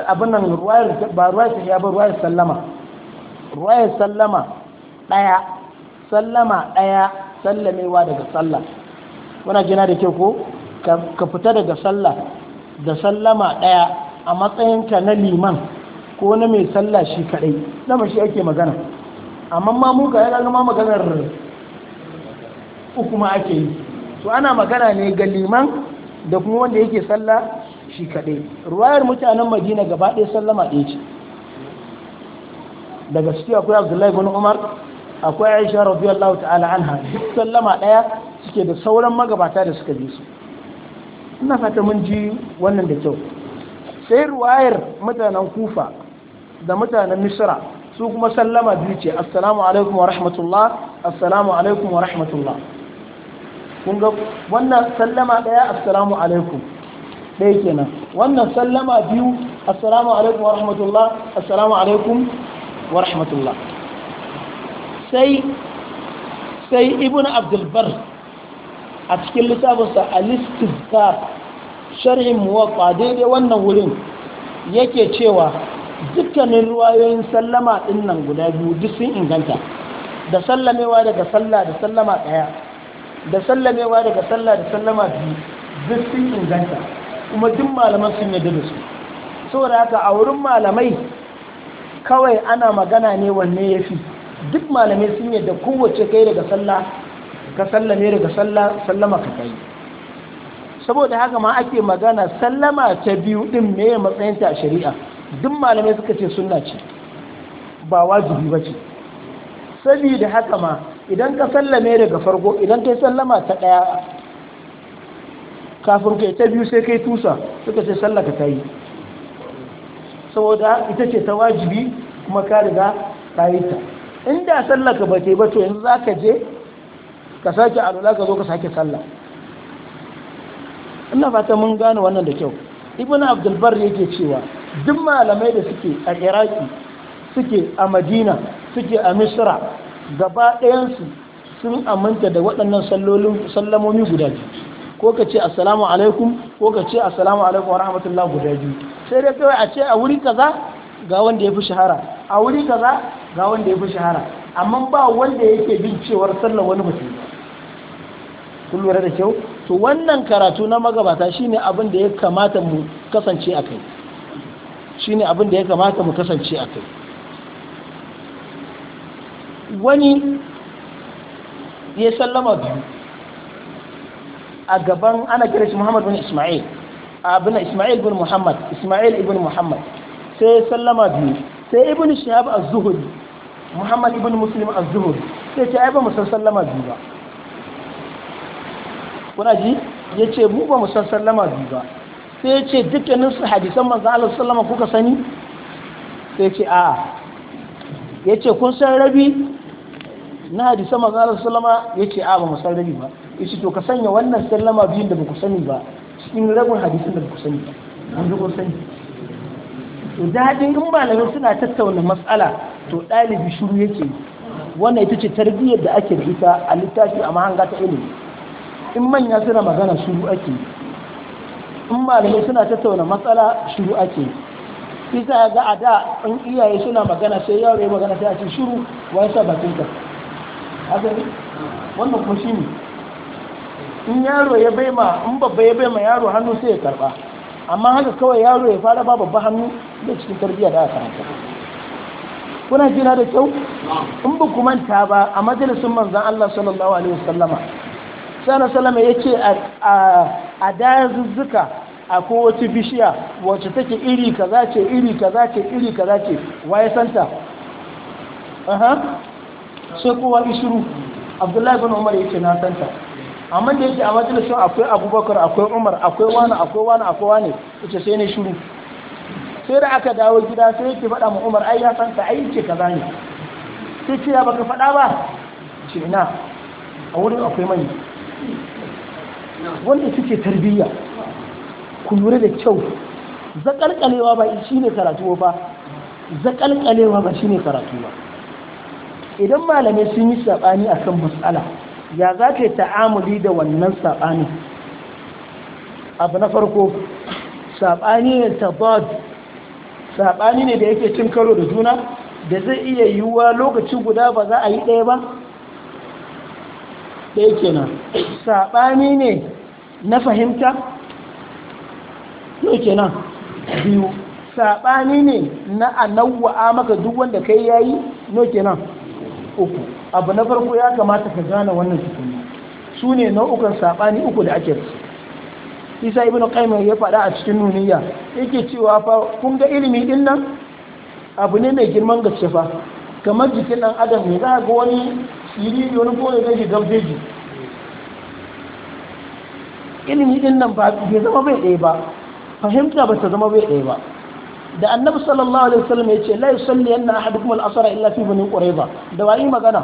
abin nan ruwayar ba ruwayar ta hiya ba ruwayar sallama ruwayar sallama ɗaya sallama daya sallamewa daga sallah wana jina da ke ko ka fita daga sallah da sallama ɗaya a matsayinka na liman ko na mai sallah shi kaɗai dama shi ake magana amma ma mu ga yana ma maganar uku ake yi to ana magana ne ga liman da kuma wanda yake sallah shi kaɗai ruwayar mutanen madina gaba ɗaya sallama ɗaya ce daga ciki akwai abdullahi bin umar akwai aisha rabiyallahu ta'ala anha duk sallama ɗaya suke da sauran magabata da suka bi su ina fata mun ji wannan da kyau sai ruwayar mutanen kufa da mutanen misra su kuma sallama biyu ce assalamu alaikum wa rahmatullah assalamu alaikum wa rahmatullah kun ga wannan sallama daya assalamu alaikum ɗaya kenan wannan sallama biyu assalamu alaikum wa rahmatullah assalamu alaikum wa rahmatullah sai sai ibnu abdul a cikin littafinsa al-istighfar sharhin muwaffa daidai wannan wurin yake cewa dukkanin ruwayoyin sallama ɗin nan guda biyu duk sun inganta da sallamewa daga sallah da sallama ɗaya da sallamewa daga sallah da sallama biyu duk sun inganta kuma duk malaman sun yadda da su saboda haka a wurin malamai kawai ana magana ne wanne ya fi duk malamai sun yadda kowace kai daga sallah ka sallame daga sallama ka kai saboda haka ma ake magana sallama ta biyu din me ya matsayinta a shari'a duk malamai suka ce sunna ce ba wajibi ba ce saboda haka ma idan ka sallame daga farko idan kai sallama ta daya kafin kai ta biyu sai kai tusa suka ce sallaka ka saboda ita ce ta wajibi kuma ka riga ta ta inda sallaka ba ta yi ba to yanzu za ka je ka sake alwala ka zo ka sake sallah ina fata mun gane wannan da kyau ibn abdulbar yake cewa duk malamai da suke a iraki suke a madina suke a misra gaba ɗayansu sun aminta da waɗannan sallamomi guda biyu ko ka ce assalamu alaikum ko ka ce assalamu alaikum wa rahmatullah guda biyu sai dai kawai a ce a wuri kaza ga wanda ya fi shahara a wuri kaza ga wanda ya fi shahara amma ba wanda yake bin cewar sallar wani mutum kun lura da kyau to wannan karatu na magabata shine abin da ya kamata mu kasance a kai shine abin da ya kamata mu kasance a kai wani ya sallama biyu a gaban ana kira shi Muhammad bin Ismail abin Ismail bin Muhammad Ismail ibn Muhammad sai sallama biyu sai ibn Shihab az-Zuhri Muhammad ibn Muslim az-Zuhri sai ta ai ba san sallama biyu ba kuna ji ya ce mu ba musan san sallama biyu ba sai ya ce dukkanin su hadisan manzan Allah sallama kuka sani sai ya ce a'a ya ce kun san rabi na hadisan manzan Allah sallama ya ce a'a ba mu san rabi ba ya ce to ka sanya wannan sallama biyun da ba ku sani ba cikin rabin hadisan da ba ku sani ba mun ji kun sani to dadin in malamai suna tattauna matsala to ɗalibi shiru yake wannan ita ce tarbiyyar da ake da ita a littafi a mahanga ta ilimi in manya suna magana shuru ake in malamai suna tattauna matsala shuru ake isa ya ga a da in iyaye suna magana sai yaro ya magana sai a ce shuru wani sa bakin ka wannan kuma shi ne in yaro ya bai ma in babba ya bai ma yaro hannu sai ya karba amma haka kawai yaro ya fara ba babba hannu da cikin tarbiyya da aka haka kuna jina da kyau in ba ku manta ba a majalisun manzan Allah sallallahu alaihi wasallama sana salama ya ce a zuzzuka a kowace bishiya wacce take iri kaza ce iri kaza ce iri kaza ce waye santa aha sai kowa ishiru abdullahi bin umar ya ce na santa amma da yake a majalisun akwai abubakar akwai umar akwai wani akwai wani akwai wani ita sai ne shiru sai da aka dawo gida sai yake faɗa ma umar ai ya santa ai ce kaza ne sai ce ya baka faɗa ba ce na a wurin akwai mani wanda suke tarbiyya ku lura da kyau zakalkalewa ba shi ne karatu ba zakalkalewa ba shi ne karatu ba idan malamai sun yi saɓani a kan matsala ya za ka yi ta'amuli da wannan saɓani? abu na farko saɓani ne tabad saɓani ne da yake cin karo da juna da zai iya yiwuwa lokaci guda ba za a yi ɗaya ba ɗaya kenan saɓani ne na fahimta yau kenan biyu saɓani ne na a maka duk wanda kai yayi ke kenan uku abu na farko ya kamata ka gane wannan cikin su ne nau'ukan saɓani uku da ake su isa ibn qayyim ya faɗa a cikin nuniya yake cewa fa kun ga ilimi din nan abu ne mai girman gaske fa kamar jikin ɗan adam ne za ga wani siriri wani kone zai gabzeji ilimi din nan ba bai zama bai ɗaya ba fahimta ba ta zama bai ɗaya ba da annabi sallallahu alaihi wasallam ya ce la yusalli yanna ahadukum al-asra illa fi bani qurayza da wani magana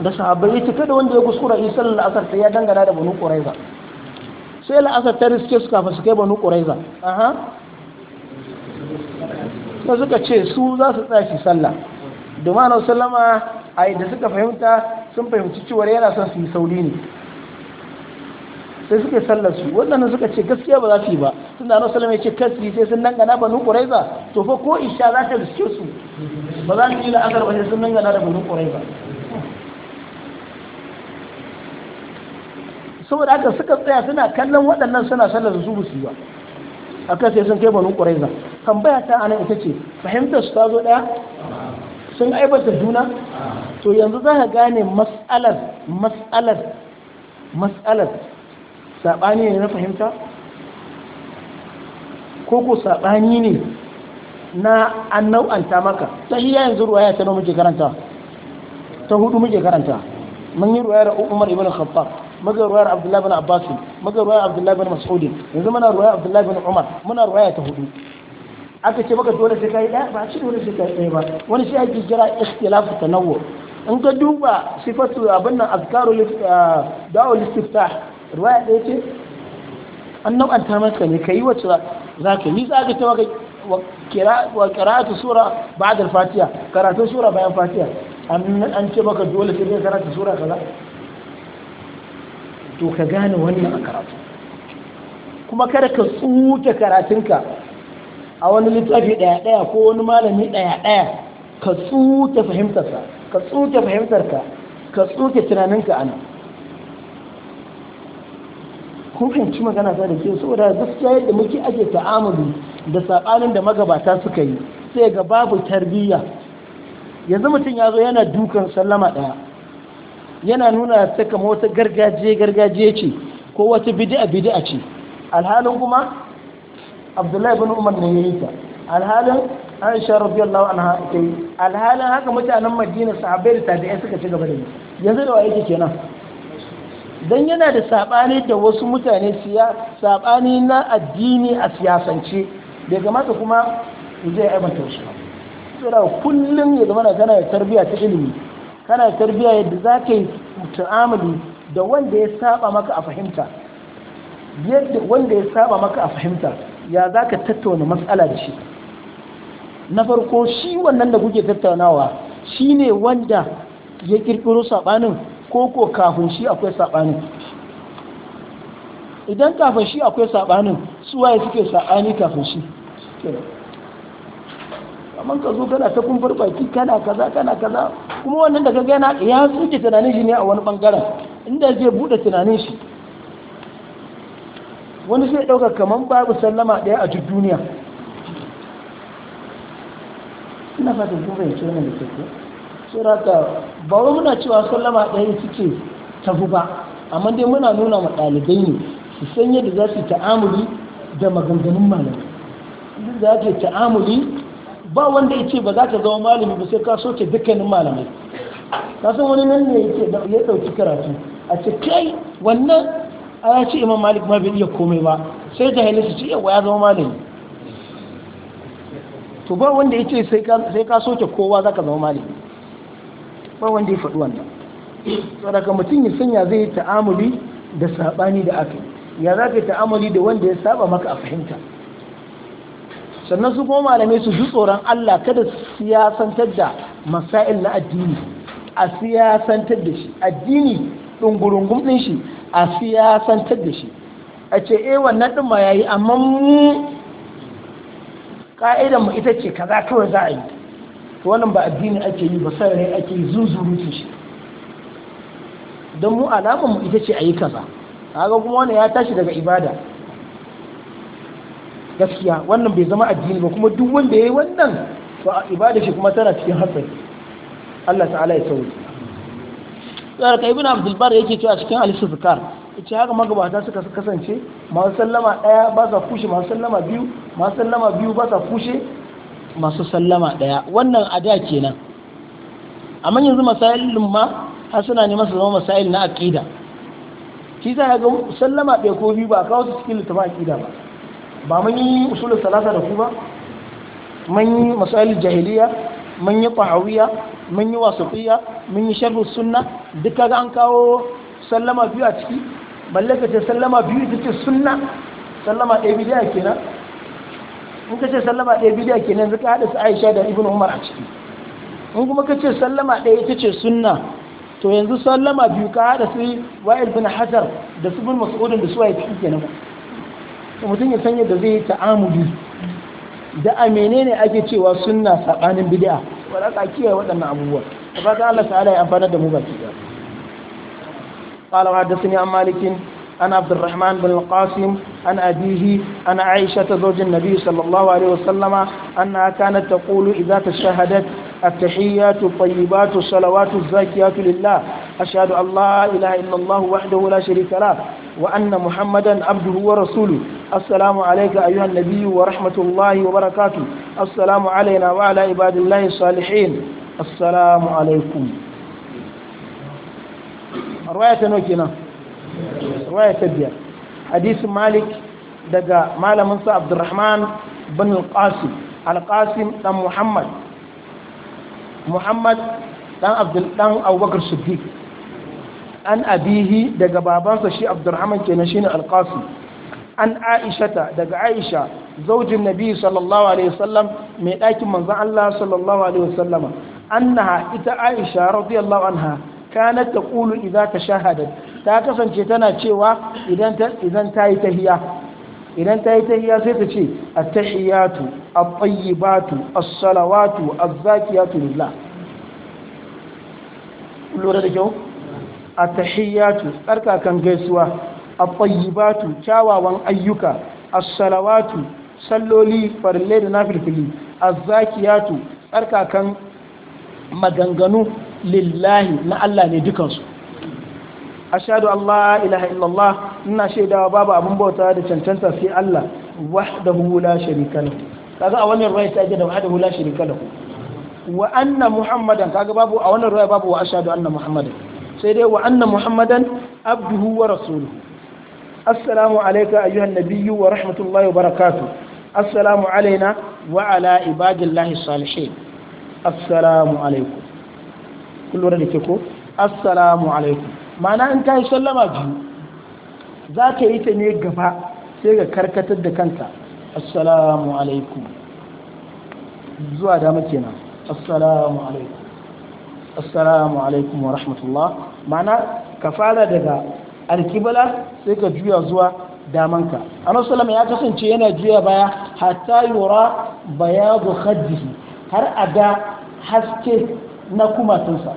da sahabbai ya ce da wanda ya kuskura yi sallar asar sai ya dangana da bani qurayza sai la'asar ta riske su kafin su kai bani qurayza aha ta suka ce su za su tsaya shi sallah domin sallama a da suka fahimta sun fahimci cewa yana son su yi sauri ne sai suka sallar su waɗannan suka ce gaskiya ba za su yi ba tun da anasalama ya ce kasri sai sun dangana banu ba? to fa ko isha za ta riske su ba za su yi la'asar ba sai sun dangana da banu ba? saboda haka suka tsaya suna kallon waɗannan suna sallar su ba su ba akan sai sun kai ba banu ba. tambaya ta anan ita ce fahimtar su ta zo ɗaya sun aibata juna to yanzu za ka gane mas'alar mas'alar mas'alar saɓani ne na fahimta ko ko saɓani ne na an nau'anta maka ta iya yanzu ruwaya ta muke karanta ta hudu muke karanta mun yi ruwayar umar ibn khattab muka ruwayar abdullahi bin abbas muka ruwayar abdullahi bin mas'ud yanzu muna ruwayar abdullahi bin umar muna ruwaya ta hudu aka ce maka dole sai kai daya ba a ci dole sai kai ba wani shi ake jira ikhtilafu tanawwu in ka duba sifatu abin nan azkaru eh, da'ul istiftah ruwaya ɗaya ce an nau'anta maka ne ka yi wacce za ka yi za ta wa karatu sura ba da fatiya karatu sura bayan fatiya an ce baka dole sai zai karatu sura kaza to ka gane wannan a karatu kuma kada ka tsuke karatunka a wani littafi ɗaya ɗaya ko wani malami ɗaya ɗaya ka tsuke fahimtarsa ka tsuke fahimtarka ka tsuke tunaninka a nan kun fahimci magana ta da ke saboda gaskiya yadda muke ake ta'amuli da sabanin da magabata suka yi sai ga babu tarbiyya yanzu mutum ya zo yana dukan sallama ɗaya yana nuna ta kama wata gargajiya gargajiya ce ko wata bid'a bid'a ce alhalin kuma abdullahi bin umar ne yayin ta alhalin aisha radiyallahu anha ta yi alhalin haka mutanen madina sahabbai da tabi'ai suka ci gaba da yi yanzu da wa yake kenan don yana da saɓani da wasu mutane saɓani na addini a siyasance bai gamata kuma zai aibanta wasu ba tsira kullum ya zama kana da tarbiyya ta ilimi kana da tarbiyya yadda za ka yi ta'amali da wanda ya saba maka a fahimta yadda wanda ya saba maka a fahimta ya za ka tattauna matsala da shi na farko shi wannan da kuke tattaunawa shi ne wanda ya kirkiro saɓanin ko ko kafin shi akwai saɓani, idan kafin shi akwai su suwaye suke saɓani kafin shi kaman ka zo gana ta kumfar baki kana kaza kana kaza kuma wannan da kaga na ya suke tunanin shi ne a wani ɓangaren, inda zai buɗe tunanin shi wani zai ɗaukar kaman babu sallama ɗaya a duniya ina fatan kun bayyana wannan da kake surata ba wa muna cewa sallama ɗaya suke tafi ba amma dai muna nuna ma ɗalibai ne su san yadda za su ta'amuli da maganganun malamai duk da ake ta'amuli ba wanda ya ce ba za ka zama malami ba sai ka soke dukkanin malamai ka san wani nan ne ya ɗauki karatu a ce kai wannan a ya ce imam malik ma bai iya komai ba sai jahilai su ce yawa ya zama malami to ba wanda ya ce sai ka soke kowa za ka zama malami ba wanda ya faɗi wannan saboda mutum ya sanya zai yi ta'amuli da saɓani da aka ya za ka yi ta'amuli da wanda ya saba maka a fahimta sannan su kuma malamai su ji tsoron Allah kada su siyasantar da masail na addini a siyasantar da shi addini ɗungurungun ɗin shi a siyasantar da shi a ce eh wannan ɗin ma yayi amma mu ƙa'idanmu mu ita ce kaza kawai za a yi to wannan ba addini ake yi ba sai ne ake yi zuzurutun shi don mu alamun mu ita ce a yi kaza kaga kuma wannan ya tashi daga ibada gaskiya wannan bai zama addini ba kuma duk wanda ya yi wannan to a ibada shi kuma tana cikin hatsari Allah ta'ala ya sauri. tsara ka ibn abdul bar yake cewa cikin al-sufkar ita haka magabata suka kasance masu sallama daya ba sa kushe masu sallama biyu masu sallama biyu ba sa kushe masu sallama ɗaya wannan a da kenan amma yanzu masailin ma har suna ne masu zama masail na aƙida shi za ga sallama ɗaya ko biyu ba a kawo su cikin littafin aƙida ba ba mun yi usulul salata da ku ba mun yi masail jahiliya mun yi qahawiya mun yi wasatiya mun yi sharh sunna duk kaga an kawo sallama biyu a ciki balle sallama biyu ita ce sunna sallama ɗaya kenan in ka ce sallama ɗaya bidiya kenan zika haɗa su aisha da ibn umar a ciki in kuma ka ce sallama ɗaya ita ce sunna to yanzu sallama biyu ka haɗa su wa'il bin hajar da su bin mas'udin da su waye ciki nan ba mutum ya san yadda zai yi ta'amuli da a ne ake cewa sunna saɓanin bidiya wala ka kiyaye waɗannan abubuwa ba ta Allah ta'ala amfana da mu baki ɗaya قال وحدثني عن مالك عن عبد الرحمن بن القاسم عن أبيه عن عائشة زوج النبي صلى الله عليه وسلم أنها كانت تقول إذا تشهدت التحيات الطيبات الصلوات الزاكيات لله أشهد أن لا إله إلا الله وحده لا شريك له وأن محمدا عبده ورسوله السلام عليك أيها النبي ورحمة الله وبركاته السلام علينا وعلى عباد الله الصالحين السلام عليكم رواية نوكينا ruwaya ta biyar hadisin malik daga malaminsa abdurrahman bin al-qasim al-qasim dan muhammad muhammad dan abdul dan abubakar siddiq an abihi daga babansa shi abdurrahman kenan shine al-qasim an aishata daga aisha zaujin nabi sallallahu alaihi wasallam mai ɗakin manzon Allah sallallahu alaihi wasallama annaha ita aisha radiyallahu anha kanat taqulu idza tashahadat ta kasance tana cewa idan ta idan ta yi tahiyya idan ta yi tahiyya sai ta ce at-tahiyatu at-tayyibatu as-salawatu az-zakiyatu lillah lura da kyau at-tahiyatu tsarkakan gaisuwa at-tayyibatu kyawawan ayyuka as-salawatu salloli farle da nafilfili az-zakiyatu tsarkakan maganganu lillahi na Allah ne dukansu ashhadu an la ilaha illallah ina shaidawa babu abin bauta da cancanta sai Allah wahdahu la sharika lahu kaga a wannan ruwaya ta da wahdahu la sharika lahu wa anna muhammadan kaga babu a wannan ruwaya babu wa ashhadu anna muhammadan sai dai wa anna muhammadan abduhu wa rasuluhu assalamu alayka ayyuhan nabiyyu wa rahmatullahi wa barakatuh assalamu alaina wa ala ibadillahi salihin assalamu alaikum kullum da ke ko assalamu alaikum mana in ta yi sallama biyu za ka yi ta ne gaba sai ga karkatar da kanta assalamu alaikum zuwa dama kenan assalamu alaikum assalamu alaikum wa rahmatullah mana ka fara daga alkibala sai ka juya zuwa damanka annabi sallama ya kasance yana juya baya hatta yura bayadu khaddihi har a ga haske na kumatunsa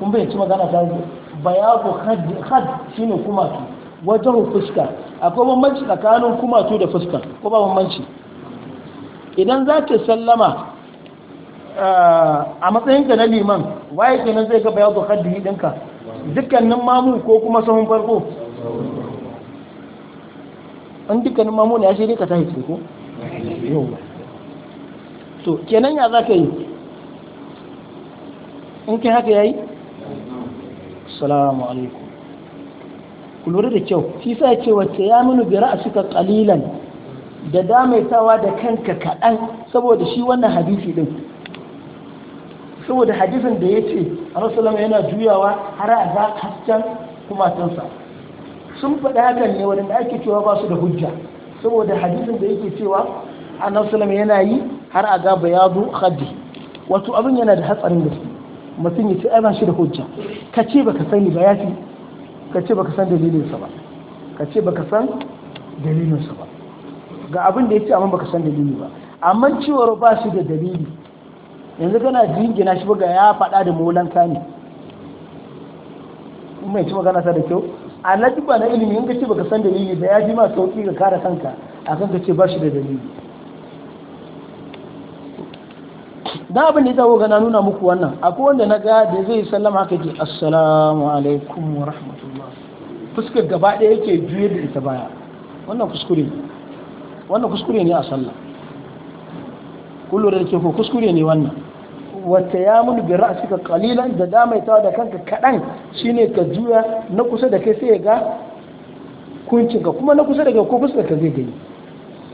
bai bayyanci magana ta zo bayabu had ne kumatu wajen fuska akwai bambanci tsakanin kumatu da fuska ko ba bambanci idan za sallama eh, a matsayinka na liman waye kenan zai ga bayabu da hidinka dukkanin mamu ko kuma sahun farko an dukkanin mamu ne ya shi ne ta hitsi ko yau ba to kenan ya za ka yi in haka yayi assalamu alaikum ku da kyau shi sa ce wacce ya minu bi ra'asika qalilan da damaitawa da kanka kaɗan saboda shi wannan hadisi din saboda hadisin da ya ce yana juyawa har a za hasken kumatansa sun faɗi hakan ne wadanda ake cewa ba su da hujja saboda hadisin da yake cewa a rasulama yana yi har a ga bayadu khaddi wato abin yana da hatsarin gaske mutum ya ce ai ba shi da hujja ka ce baka sani ba yafi ka ce baka san dalilinsa ba ka ce baka san dalilinsa ba ga abin da ya ce amma baka san dalili ba amma cewar ba shi da dalili yanzu kana jingina shi ga ya faɗa da molanka ne mai ci magana ta da kyau a na ba na ilimi in ka ce baka san dalili ba ya ji ma sauki ga kare kanka kan ka ce ba shi da dalili da abin da ya zawo ga na nuna muku wannan akwai wanda na ga da zai sallama haka ke assalamu alaikum wa rahmatullah fuskar gaba ɗaya yake juye da ita baya wannan kuskure ne wannan kuskure ne a sallah kullum da ke ko kuskure ne wannan wata ya mun bi ra'sika qalilan da damaitawa da kanka kadan shine ka juya na kusa da kai sai ya ga kuncinka kuma na kusa da kai ko fuskar ka zai gani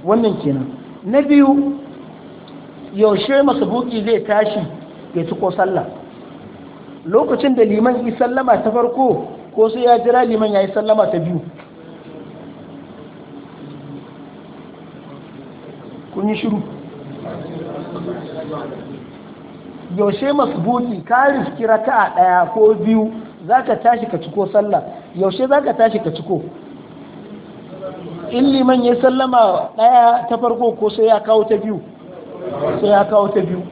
wannan kenan na biyu yaushe masabuki zai tashi ya ci ko sallah lokacin da liman yi sallama ta farko ko sai ya jira liman ya yi sallama ta biyu kun yi shiru yaushe masbuki ka riski raka'a daya ko biyu za ka tashi ka ciko sallah yaushe za ka tashi ka ciko in liman ya sallama daya ta farko ko sai ya kawo ta biyu sai ya kawo ta biyu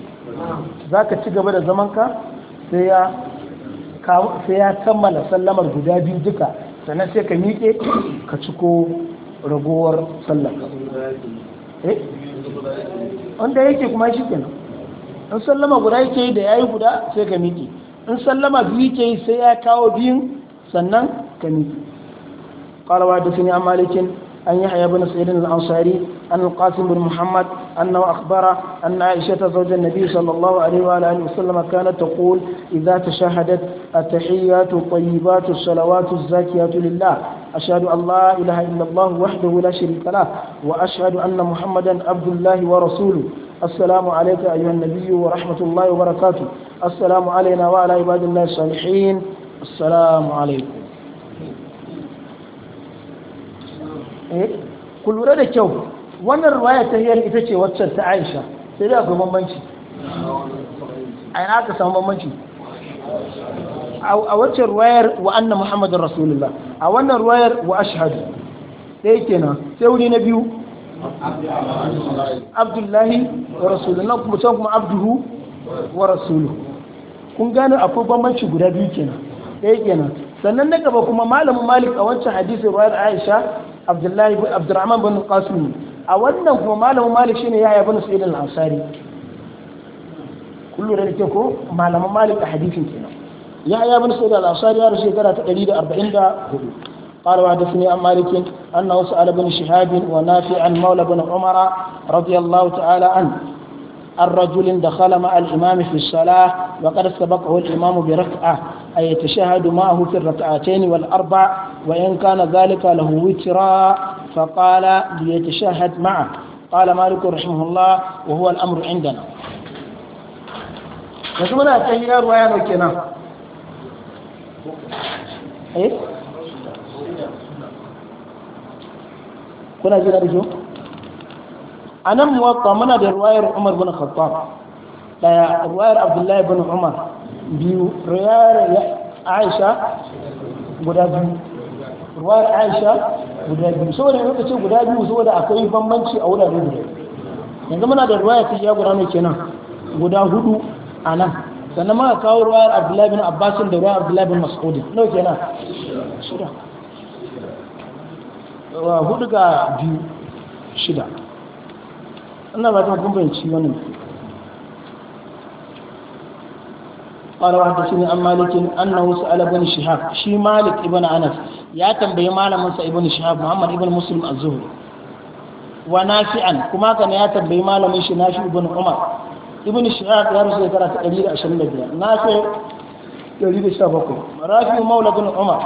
za ka ci gaba da zamanka sai ya kammala sallamar guda biyu duka sannan sai ka miƙe ka ciko ragowar sallar eh? wanda yake kuma shi nan in sallama guda yake yi da ya yi guda sai ka miƙe in sallama biyu yake yi sai ya kawo biyun sannan ka miƙe قال وحدثني عن amalikin أن يحيى بن سعيد الأنصاري أن القاسم بن محمد أنه أخبر أن عائشة زوج النبي صلى الله عليه وآله وسلم كانت تقول إذا تشهدت التحيات الطيبات الصلوات الزاكيات لله أشهد أن لا إله إلا الله وحده لا شريك له وأشهد أن محمدا عبد الله ورسوله السلام عليك أيها النبي ورحمة الله وبركاته السلام علينا وعلى عباد الله الصالحين السلام عليكم Eh, ku lura da kyau wannan ruwaya ta hiyar ita ce waccan ta aisha sai da akwai bambanci a yana aka samu bambanci a waccan ruwayar wa annan muhammadin rasulullah a wannan ruwayar wa ashhadu ɗaya kenan sai wuri na biyu abdullahi wa rasulullah kuma can kuma abduhu wa rasuluhu kun gane akwai bambanci guda biyu kenan ɗaya kenan sannan na gaba kuma malamin malik a wancan hadisin ruwayar aisha abdullahi bin abdurrahman bin qasim a wannan kuma malamin malik shine yahya bin sa'id al-ansari kullu da ke ko malamin malik a hadisin kenan yahya bin sa'id al-ansari ya rasu shekara ta 144 قال وحدثني عن مالك انه سال بن شهاب ونافع عن مولى بن عمر umara radiyallahu ta'ala عنه عن رجل دخل مع الإمام في الصلاة وقد سبقه الإمام بركعة أي يتشهد معه في الركعتين والأربع وإن كان ذلك له وترا فقال ليتشهد معه قال مالك رحمه الله وهو الأمر عندنا نسمنا muna ta hira ruwa ya dauke nan a nan muwatta muna da ruwayar umar bin khattab daya ruwayar abdullahi bin umar biyu ruwayar aisha guda biyu ruwayar aisha guda biyu saboda yanzu ce guda biyu saboda akwai bambanci a wurare guda yanzu muna da ruwayar tijiya guda mai kenan guda hudu a nan sannan muka kawo ruwayar abdullahi bin Abbas da ruwayar abdullahi bin mas'udin nau kenan shida hudu ga biyu shida ina ba ta kun bayanci wannan قال وحدثني عن مالك انه سال ابن شهاب شي مالك ابن انس يا تنبيه مالمنسا ابن شهاب محمد ابن مسلم الزهري ونافعا كما كان يا تنبيه مالمن شي نافع ابن عمر ابن شهاب يا رسول الله ترى 125 نافع 117 رافع مولى بن عمر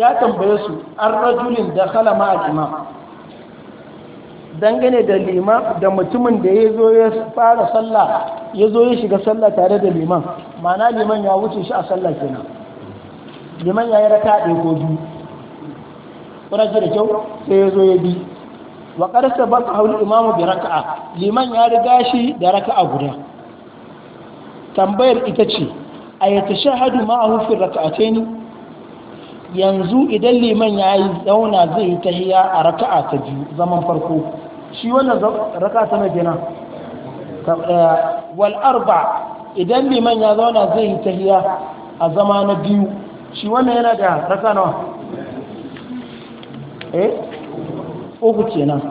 ya tambaye su an rajulin da khala ma al-imam dangane da liman da mutumin da ya zo ya fara sallah ya zo ya shiga sallah tare da liman mana liman ya wuce shi a sallah kenan liman ya yi raka ɗaya ko biyu ƙuraji da kyau sai ya zo ya bi wa ƙarsa ba ka hauli imamu bi raka'a liman ya riga shi da raka'a guda tambayar ita ce a yi ta shahadu ma'ahu fi raka'atai ne yanzu idan liman ya yi zauna zai yi tahiya a raka'a ta biyu zaman farko shi wannan raka ta mai kenan eh, wal arba idan liman ya zauna zai yi tahiya a zama na biyu shi wannan yana da raka nawa eh uku kenan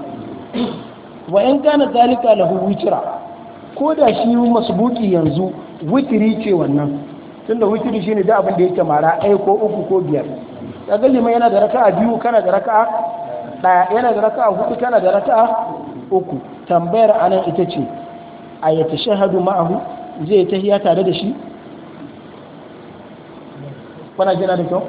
wa in kana zalika lahu witra ko da shi masbuki yanzu witri ce wannan tunda shi shine da abin da yake mara ai ko uku ko biyar kaga liman yana da raka'a biyu kana da raka'a ɗaya yana da raka'a hudu tana da raka'a uku tambayar anan ita ce a ya tashahadu ma'ahu zai ta hiya tare da shi kuna jina da kyau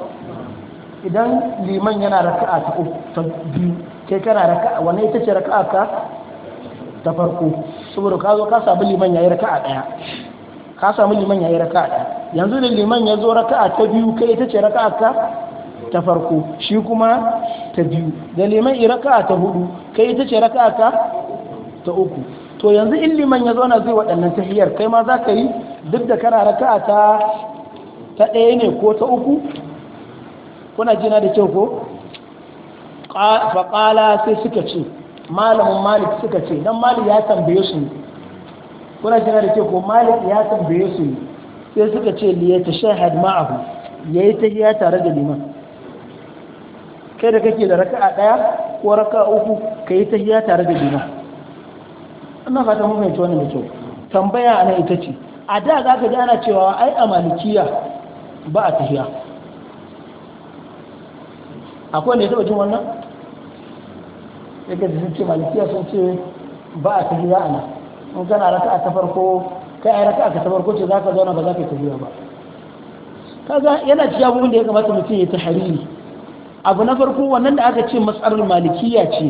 idan liman yana raka'a ta uku ta biyu kai kana raka'a Wani ita ce raka'a ka ta farko saboda ka zo ka samu liman yayi raka'a daya ka samu liman yayi raka'a daya yanzu da liman ya zo raka'a ta biyu kai ita ce raka'a ka ta farko shi kuma ta biyu da liman yi raka'a ta hudu kai ita ce raka'a ta ta uku to yanzu in liman ya zauna zai waɗannan tahiyar kai ma za ka yi duk da kana raka'a ta ta ɗaya ne ko ta uku kuna jina da kyau ko faƙala sai suka ce malamin malik suka ce don malik ya tambaye su kuna jina da kyau ko malik ya tambaye su sai suka ce liyata shahad ma'ahu ya yi tahiya tare da liman kai da kake da raka'a daya ko raka'a uku kai ta hiya tare da juna amma fata mun fahimci wannan da kyau tambaya ana ita ce a da za ka ji ana cewa ai a malikiya ba a tahiyya akwai wanda ya taɓa jin wannan yadda da sun ce malikiya sun ce ba a tahiyya ana in kana raka'a ta farko kai ai raka'a ta farko ce za ka zauna ba za ka yi tahiyya ba kaga yana cikin abubuwan da ya kamata mutum ya ta abu na farko wannan da aka ce matsalar malikiya ce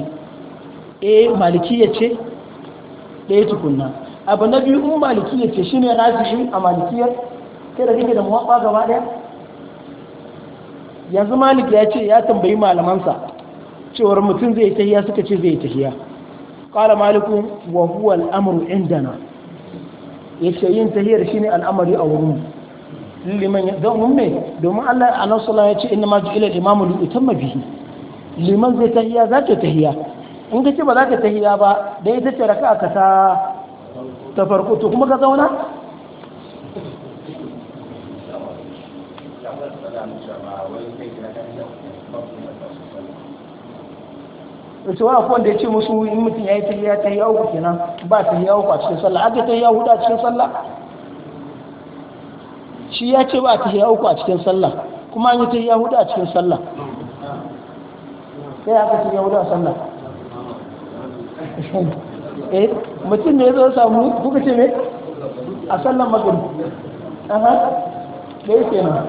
eh malikiya ce ɗaya eh, tukunna abu na biyu in malikiya ce shine shi a malikiyar sai da kake da muwaɓa gaba ɗaya yanzu malik ya ce ya tambayi malamansa cewar mutum zai tahiya suka ce zai tahiya qala maliku wa huwa al'amuru indana ya ce yin tahiyar shine al'amari a wurin liman don umme domin Allah a nan ya ce inna ma ila imamu li utamma bihi liman zai tahiya za ta tahiya in ka ce ba za ka tahiya ba da ita ce raka'a ka ta ta farko to kuma ka zauna wace wani akwai da ya ce musu in mutum ya yi tahiya tahiya uku kenan ba tahiya uku a cikin sallah aka tahiya hudu a cikin sallah shi ya ce ba a tahiya uku a cikin sallah kuma an yi ta hudu a cikin sallah sai aka tahiya hudu a sallah eh mutum ne zo samu kuka ce ne a sallah magrib aha da yake nan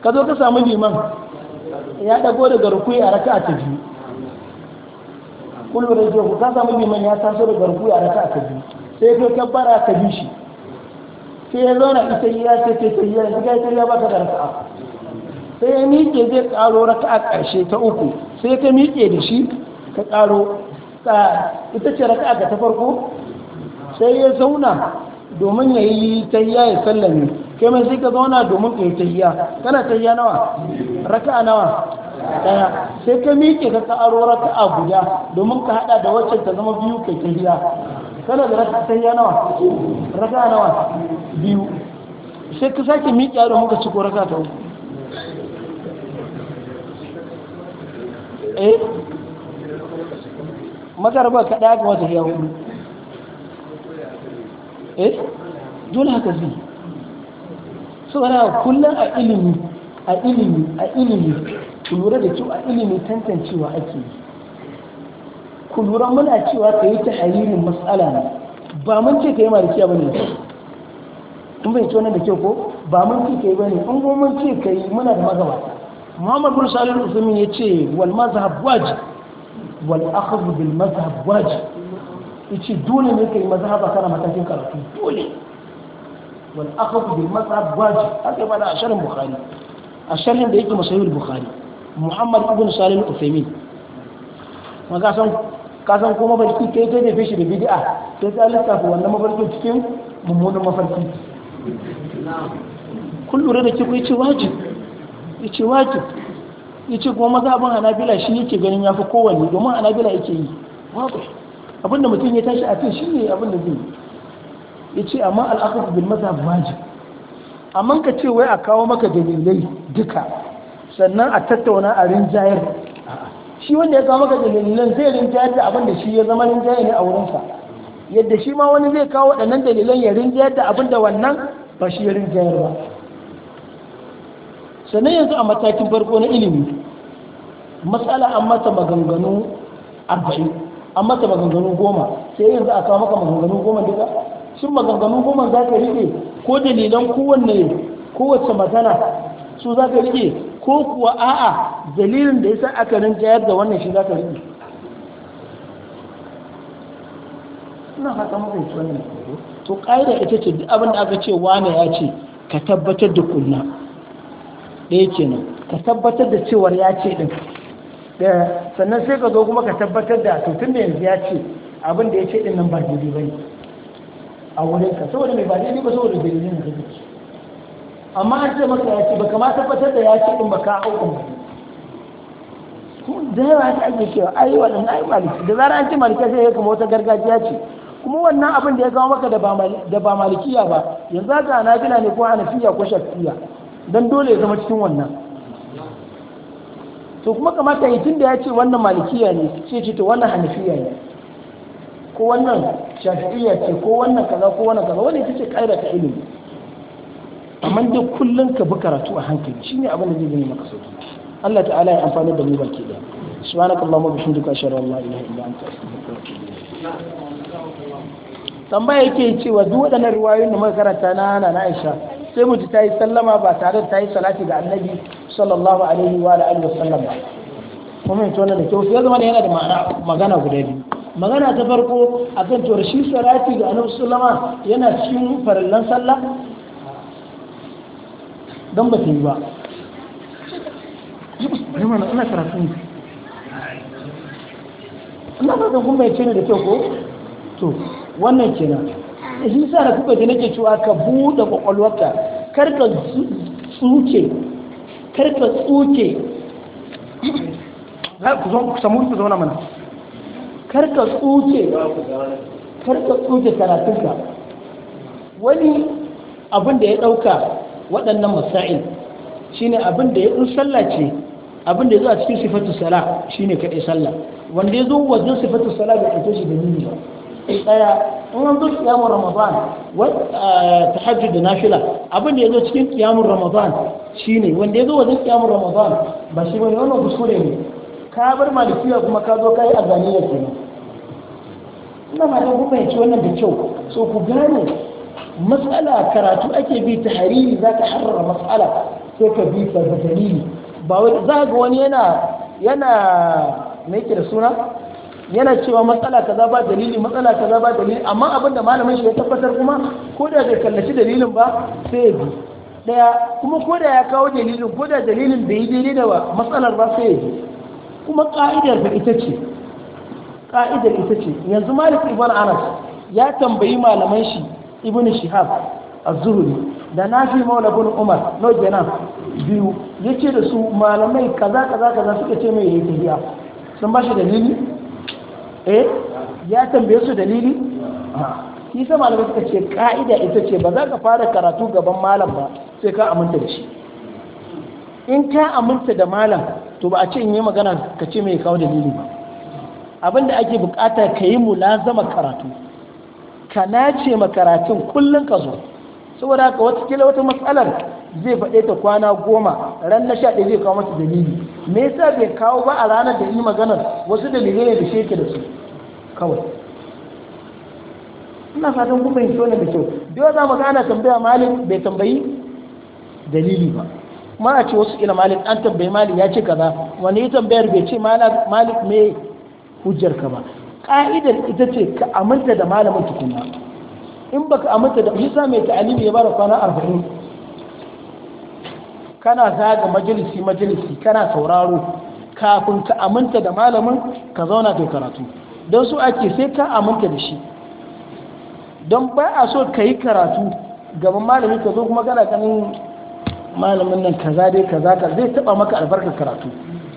ka zo ka samu liman ya dago daga rukui a a ta biyu Kullum da ku ka samu liman ya taso daga rukui a a ta biyu sai ka kabbara ka bi shi sai ya zauna ita ya ce ce ta yi yanzu ga ita ya baka da raka'a sai ya miƙe zai ƙaro raka'a ƙarshe ta uku sai ka miƙe da shi ka ƙaro ita ce raka'a ga ta farko sai ya zauna domin ya yi yi ya sallame kai mai sai ka zauna domin ka yi tayya kana ta tayya nawa raka'a nawa daya sai ka miƙe ka ƙaro raka'a guda domin ka haɗa da wacce ta zama biyu ka tayya kana da raka ya nawa raka nawa biyu sai ka sake miƙa da muka ci ko raka ta uku eh magarba ka daga wata ya hudu eh dole haka zai so ana kullum a ilimi a ilimi a ilimi lura da kyau a ilimi tantancewa ake yi ku lura muna cewa ka yi ta haririn matsala ne ba mun ce ka yi malikiya ba ne in bai tona da kyau ko ba mun ce ka yi ba ne in ko mun ce ka yi muna da magawa muhammad bin salim al ya ce wal mazhab waji wal akhdhu bil mazhab waji yace dole ne kai mazhaba kana matakin karatu dole wal akhdhu bil mazhab waji haka ba da asharin bukhari shirin da yake masahih bukhari muhammad ibn salim al-usaimin maka san kasan kuma mafarki kai ta da fishi da bid'a sai ta lissafa wannan mafarki cikin mummunan mafarki kun lura da kiku yace wajib yace wajib yace kuma mazhabin anabila shi yake ganin yafi kowanne domin anabila yake yi abinda mutum ya tashi a kan shi ne abinda zai yace amma al bin bil mazhab wajib amma ka ce wai a kawo maka dalilai duka sannan a tattauna a rinjayar shi wanda ya kawo maka dalilan zai rinjayar da abin da shi ya zama rinjaye ne a wurinsa yadda shi ma wani zai kawo waɗannan dalilan ya rinjayar da abin da wannan ba shi ya rinjayar ba sannan yanzu a matakin farko na ilimi matsala an mata maganganu arba'in an mata maganganu goma sai yanzu a kawo maka maganganu goma duka shin maganganu goma za ka riƙe ko dalilan kowanne kowace magana su za ka riƙe ko kuwa a'a dalilin da yasa aka jayar da wannan shi za ka rinji ina haka mafi wannan to ƙa'ida ita ce duk abin da aka ce wane ya ce ka tabbatar da kunna ɗaya nan ka tabbatar da cewar ya ce ɗin sannan sai ka zo kuma ka tabbatar da to tun da yanzu ya ce abin da ya ce ɗin nan ba daidai ba ne a wurinka saboda mai ba daidai ba saboda dalilin da kake amma an ce maka ya ce baka ma tabbatar da ya ce in baka hukun ba kuma da yawa haka ake cewa ai wannan ai maliki da zarar an ce maliki sai ya kama wata gargajiya ce kuma wannan abin da ya kawo maka da ba malikiya ba yanzu haka gina ne ko fiya ko shafiya dan dole ya zama cikin wannan to kuma kamata yi tunda da ya ce wannan malikiya ne sai ce to wannan hanafiya ne ko wannan shafi'iyya ce ko wannan kaza ko wannan kaza wani ita ce kaida ta ilimi amma dai kullum ka bi karatu a hankali shine abin da zai gani maka sauki Allah ta'ala ya amfani da mu ke daya subhanaka allahumma bihamdika ashhadu an la ilaha illa anta astaghfiruka tambaya yake cewa duk waɗannan riwayoyin da muka karanta na na Aisha sai mu ji ta yi sallama ba tare da ta yi salati ga Annabi sallallahu alaihi wa alihi wa sallam ba kuma to wannan da kyau sai zama yana da ma'ana magana guda biyu magana ta farko akan to shi salati ga Annabi sallama yana cikin farallan sallah don ba ta yi ba ina ne kuma ya ce ne da kyau ko to wannan kenan shi sa da kuka ji nake cewa ka buɗe ƙwaƙwalwarka kar ka tsuke kar ka tsuke ku samu ku zauna mana kar ka tsuke kar ka tsuke karatunka wani abin da ya ɗauka waɗannan masail shi ne abinda ya in sallah ce abinda ya zo a cikin sifatu sala shine kaɗai sallah wanda ya zo wajen sifatu sala bai ɗauke shi da nuni ba in an zo kiyamun ramadan tahajjud da nafila abin da ya zo cikin kiyamun ramadan shine wanda ya zo wajen kiyamun ramadan ba shi wani wannan kuskure ne ka bar malikiya kuma ka zo kai azaniya kenan ina ma da ku fahimci wannan da kyau so ku gane matsala karatu ake bi ta hariri za ka harara matsala sai ka bi ta dalili ba za ga wani yana yana me da suna yana cewa matsala kaza ba dalili matsala kaza ba dalili amma abin da malamin shi ya tabbatar kuma ko da bai kallaci dalilin ba sai ya bi daya kuma ko da ya kawo dalilin ko da dalilin bai yi daidai da matsalar ba sai ya bi kuma ka'idar da ita ce ka'idar ita ce yanzu malik ibn anas ya tambayi malaman shi ibn shihab az-zuhri da nafi maula bin umar no kenan biyu yace da su malamai kaza kaza kaza suka ce mai yayi tahiya sun ba shi dalili eh ya tambaye su dalili shi sa malamai suka ce ka'ida ita ce ba za ka fara karatu gaban malam ba sai ka aminta da shi in ka aminta da malam to ba a ce in yi magana ka ce mai kawo dalili ba abinda ake bukata ka yi mulazama karatu ka nace makaratun kullum ka zo saboda haka wata kila wata matsalar zai faɗe ta kwana goma ran na sha ɗaya zai kawo masa dalili me yasa bai kawo ba a ranar da yi maganar wasu dalilai ne da sheke da su kawai ina fatan kuma yin tona da kyau da za mu gana tambaya malik bai tambayi dalili ba ma a ce wasu ila malik an tambayi malik ya ce kaza wani tambayar bai ce malik me hujjar ka ba ka'idar ita ce ka aminta da malamin tukunna in ba ka aminta da shi mai ta'alimi ya bara kwana arba'in kana zaga majalisi majalisi kana sauraro kafin ka aminta da malamin ka zauna kai karatu don su ake sai ka aminta da shi don ba a so ka yi karatu gaban malami ka zo kuma gana kanin malamin nan kaza dai kaza ka zai taba maka albarkar karatu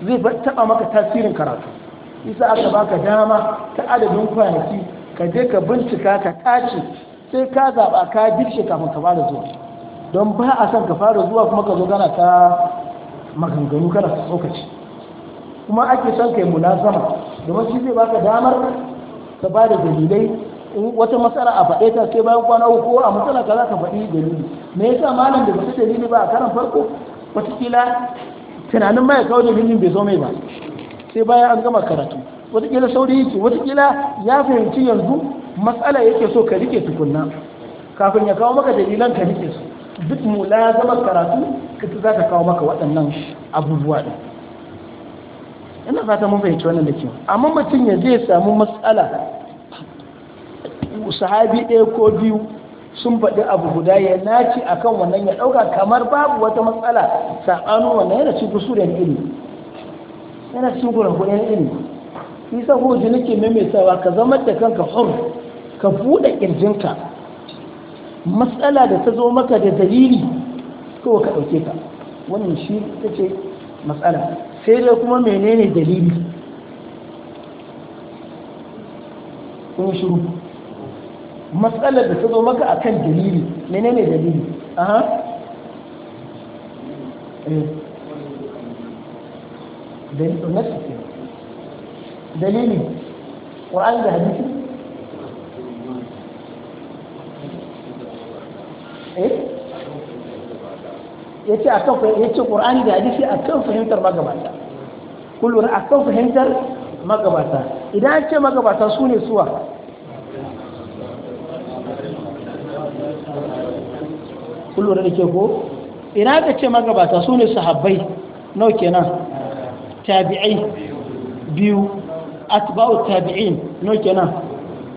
zai taba maka tasirin karatu isa aka baka dama ta adadin kwanaki ka je ka bincika ka tace sai ka zaba ka dikshi kafin ka fara zuwa don ba a son ka fara zuwa kuma ka zo gana ta maganganu kana ta tsokaci kuma ake son kai munazama domin shi zai baka damar ka ba da dalilai in wata matsala a faɗe ta sai bayan kwana uku a matsala ka za ka faɗi dalili me yasa malam da ba su dalili ba a karan farko kila tunanin mai kawo dalilin bai zo mai ba sai bayan an gama karatu wataƙila sauri yake ya fahimci yanzu matsala yake so ka rike tukunna kafin ya kawo maka dalilan ka rike su duk mula ya zama karatu kita za ta kawo maka waɗannan abubuwa ɗin ina fata mun fahimci wannan da ke. amma mutum ya zai samu matsala sahabi ɗaya ko biyu sun faɗi abu guda ya naci akan wannan ya ɗauka kamar babu wata matsala saɓanin wannan yana cikin kusur da ilimi yana cikin kuɗin na ilimi isa ko ji nake maimaitawa ka zama da kanka hur ka buɗe ƙirjinka matsala da ta zo maka da dalili ko ka ɗauke ka? wannan shi ta ce matsala sai dai kuma menene dalili kun shiru matsalar da ta zo maka akan dalili menene dalili aha eh دليل النفس دليلي قرآن ده حديثي eh yace akan fahimtar yace ƙur'ani da hadisi akan fahimtar magabata kullum akan fahimtar magabata idan ce magabata su ne suwa kullum da ke ko idan ka ce magabata su ne sahabbai nau kenan tabi'ai biyu atba'u tabi'in no kenan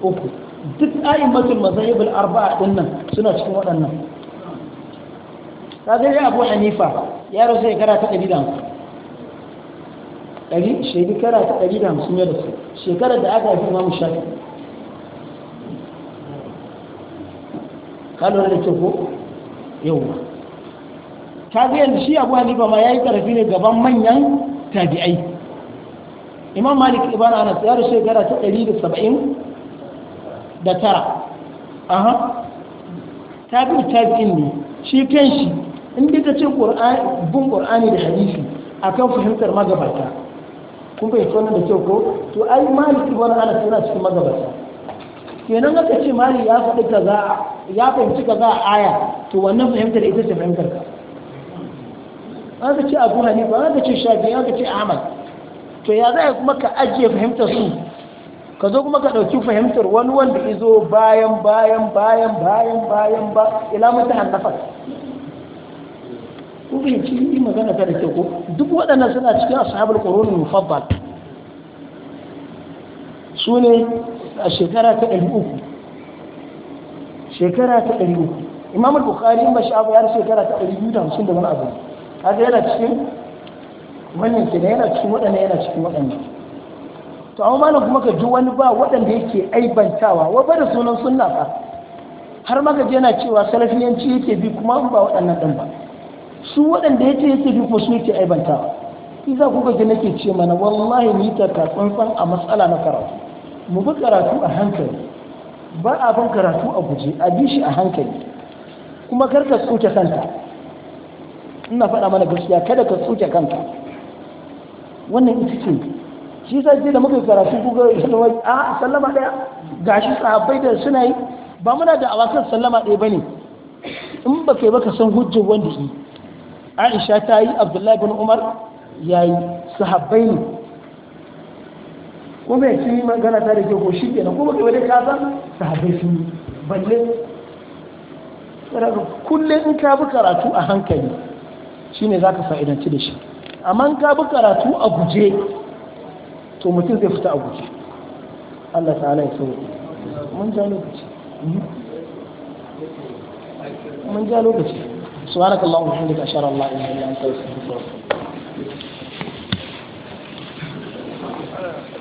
uku duk a'immatul mazahib al-arba'a dinnan suna cikin waɗannan kaga dai Abu Hanifa ya rasu shekara ta 150 ɗari shekara ta ɗari da hamsin ya rasu shekarar da aka haifi imamu shafi ka lura da ke ko yau ta zai yanzu shi abu hanifa ma ya yi ƙarfi ne gaban manyan tabi'ai imam malik ibn anas ya rasu shekara ta 170 da tara aha tabi'u tabi'in ne shi kan shi inda ka ce bin ƙur'ani da hadisi akan fahimtar magabata kun bai tsohon da kyau ko to ai malik ibn anas yana cikin magabata kenan aka ce mali ya faɗi kaza ya fahimci kaza a aya to wannan fahimtar ita ce fahimtar ka aka ce abu hanifa aka ce shafi aka ce ahmad to ya za kuma ka ajiye fahimtar su ka zo kuma ka ɗauki fahimtar wani wanda izo bayan bayan bayan bayan bayan ba ila mata hannafa ku fahimci yi magana ta da ke ko duk waɗannan suna cikin ashabul qurun mufaddal su ne a shekara ta ɗari uku shekara ta ɗari uku imam bukhari in ba sha'abu ya shekara ta ɗari biyu da hamsin da wani abu kaga yana cikin wannan da yana cikin waɗannan yana cikin waɗannan to amma malam kuma ka ji wani ba waɗanda yake aibantawa wa ba da sunan sunna ba. har ma ka yana cewa salafiyanci yake bi kuma ba waɗannan ɗin ba su waɗanda yake yake bi kuma su yake aibantawa iza kuka ji nake ce mana wallahi ni ta tsantsan a matsala na karatu mu bi karatu a hankali ba a bin karatu a guje a bi shi a hankali kuma karka tsoke kanta ina faɗa mana gaskiya kada ka tsoke kanka wannan ita ce shi sa da muka karatu ga sallama a ah, sallama ɗaya gashi sahabbai da suna yi ba muna da awakan sallama ɗaya bane in ba kai ka san hujjar wanda yi Aisha ta yi Abdullahi bin Umar ya yi sahabbai ne kuma bai shi magana ta da ke ko shi kenan kuma kai wani ka san sahabbai sun yi balle kullum in ka bi karatu a hankali shine zaka fa'idanci da shi amma ka bi karatu a guje to mutum zai fita a guje Allah ta'ala ya sauke mun ja lokaci mhm. mun ja lokaci subhanakallahumma wa bihamdika ashhadu an la ilaha illa anta astaghfiruka wa atubu ilaik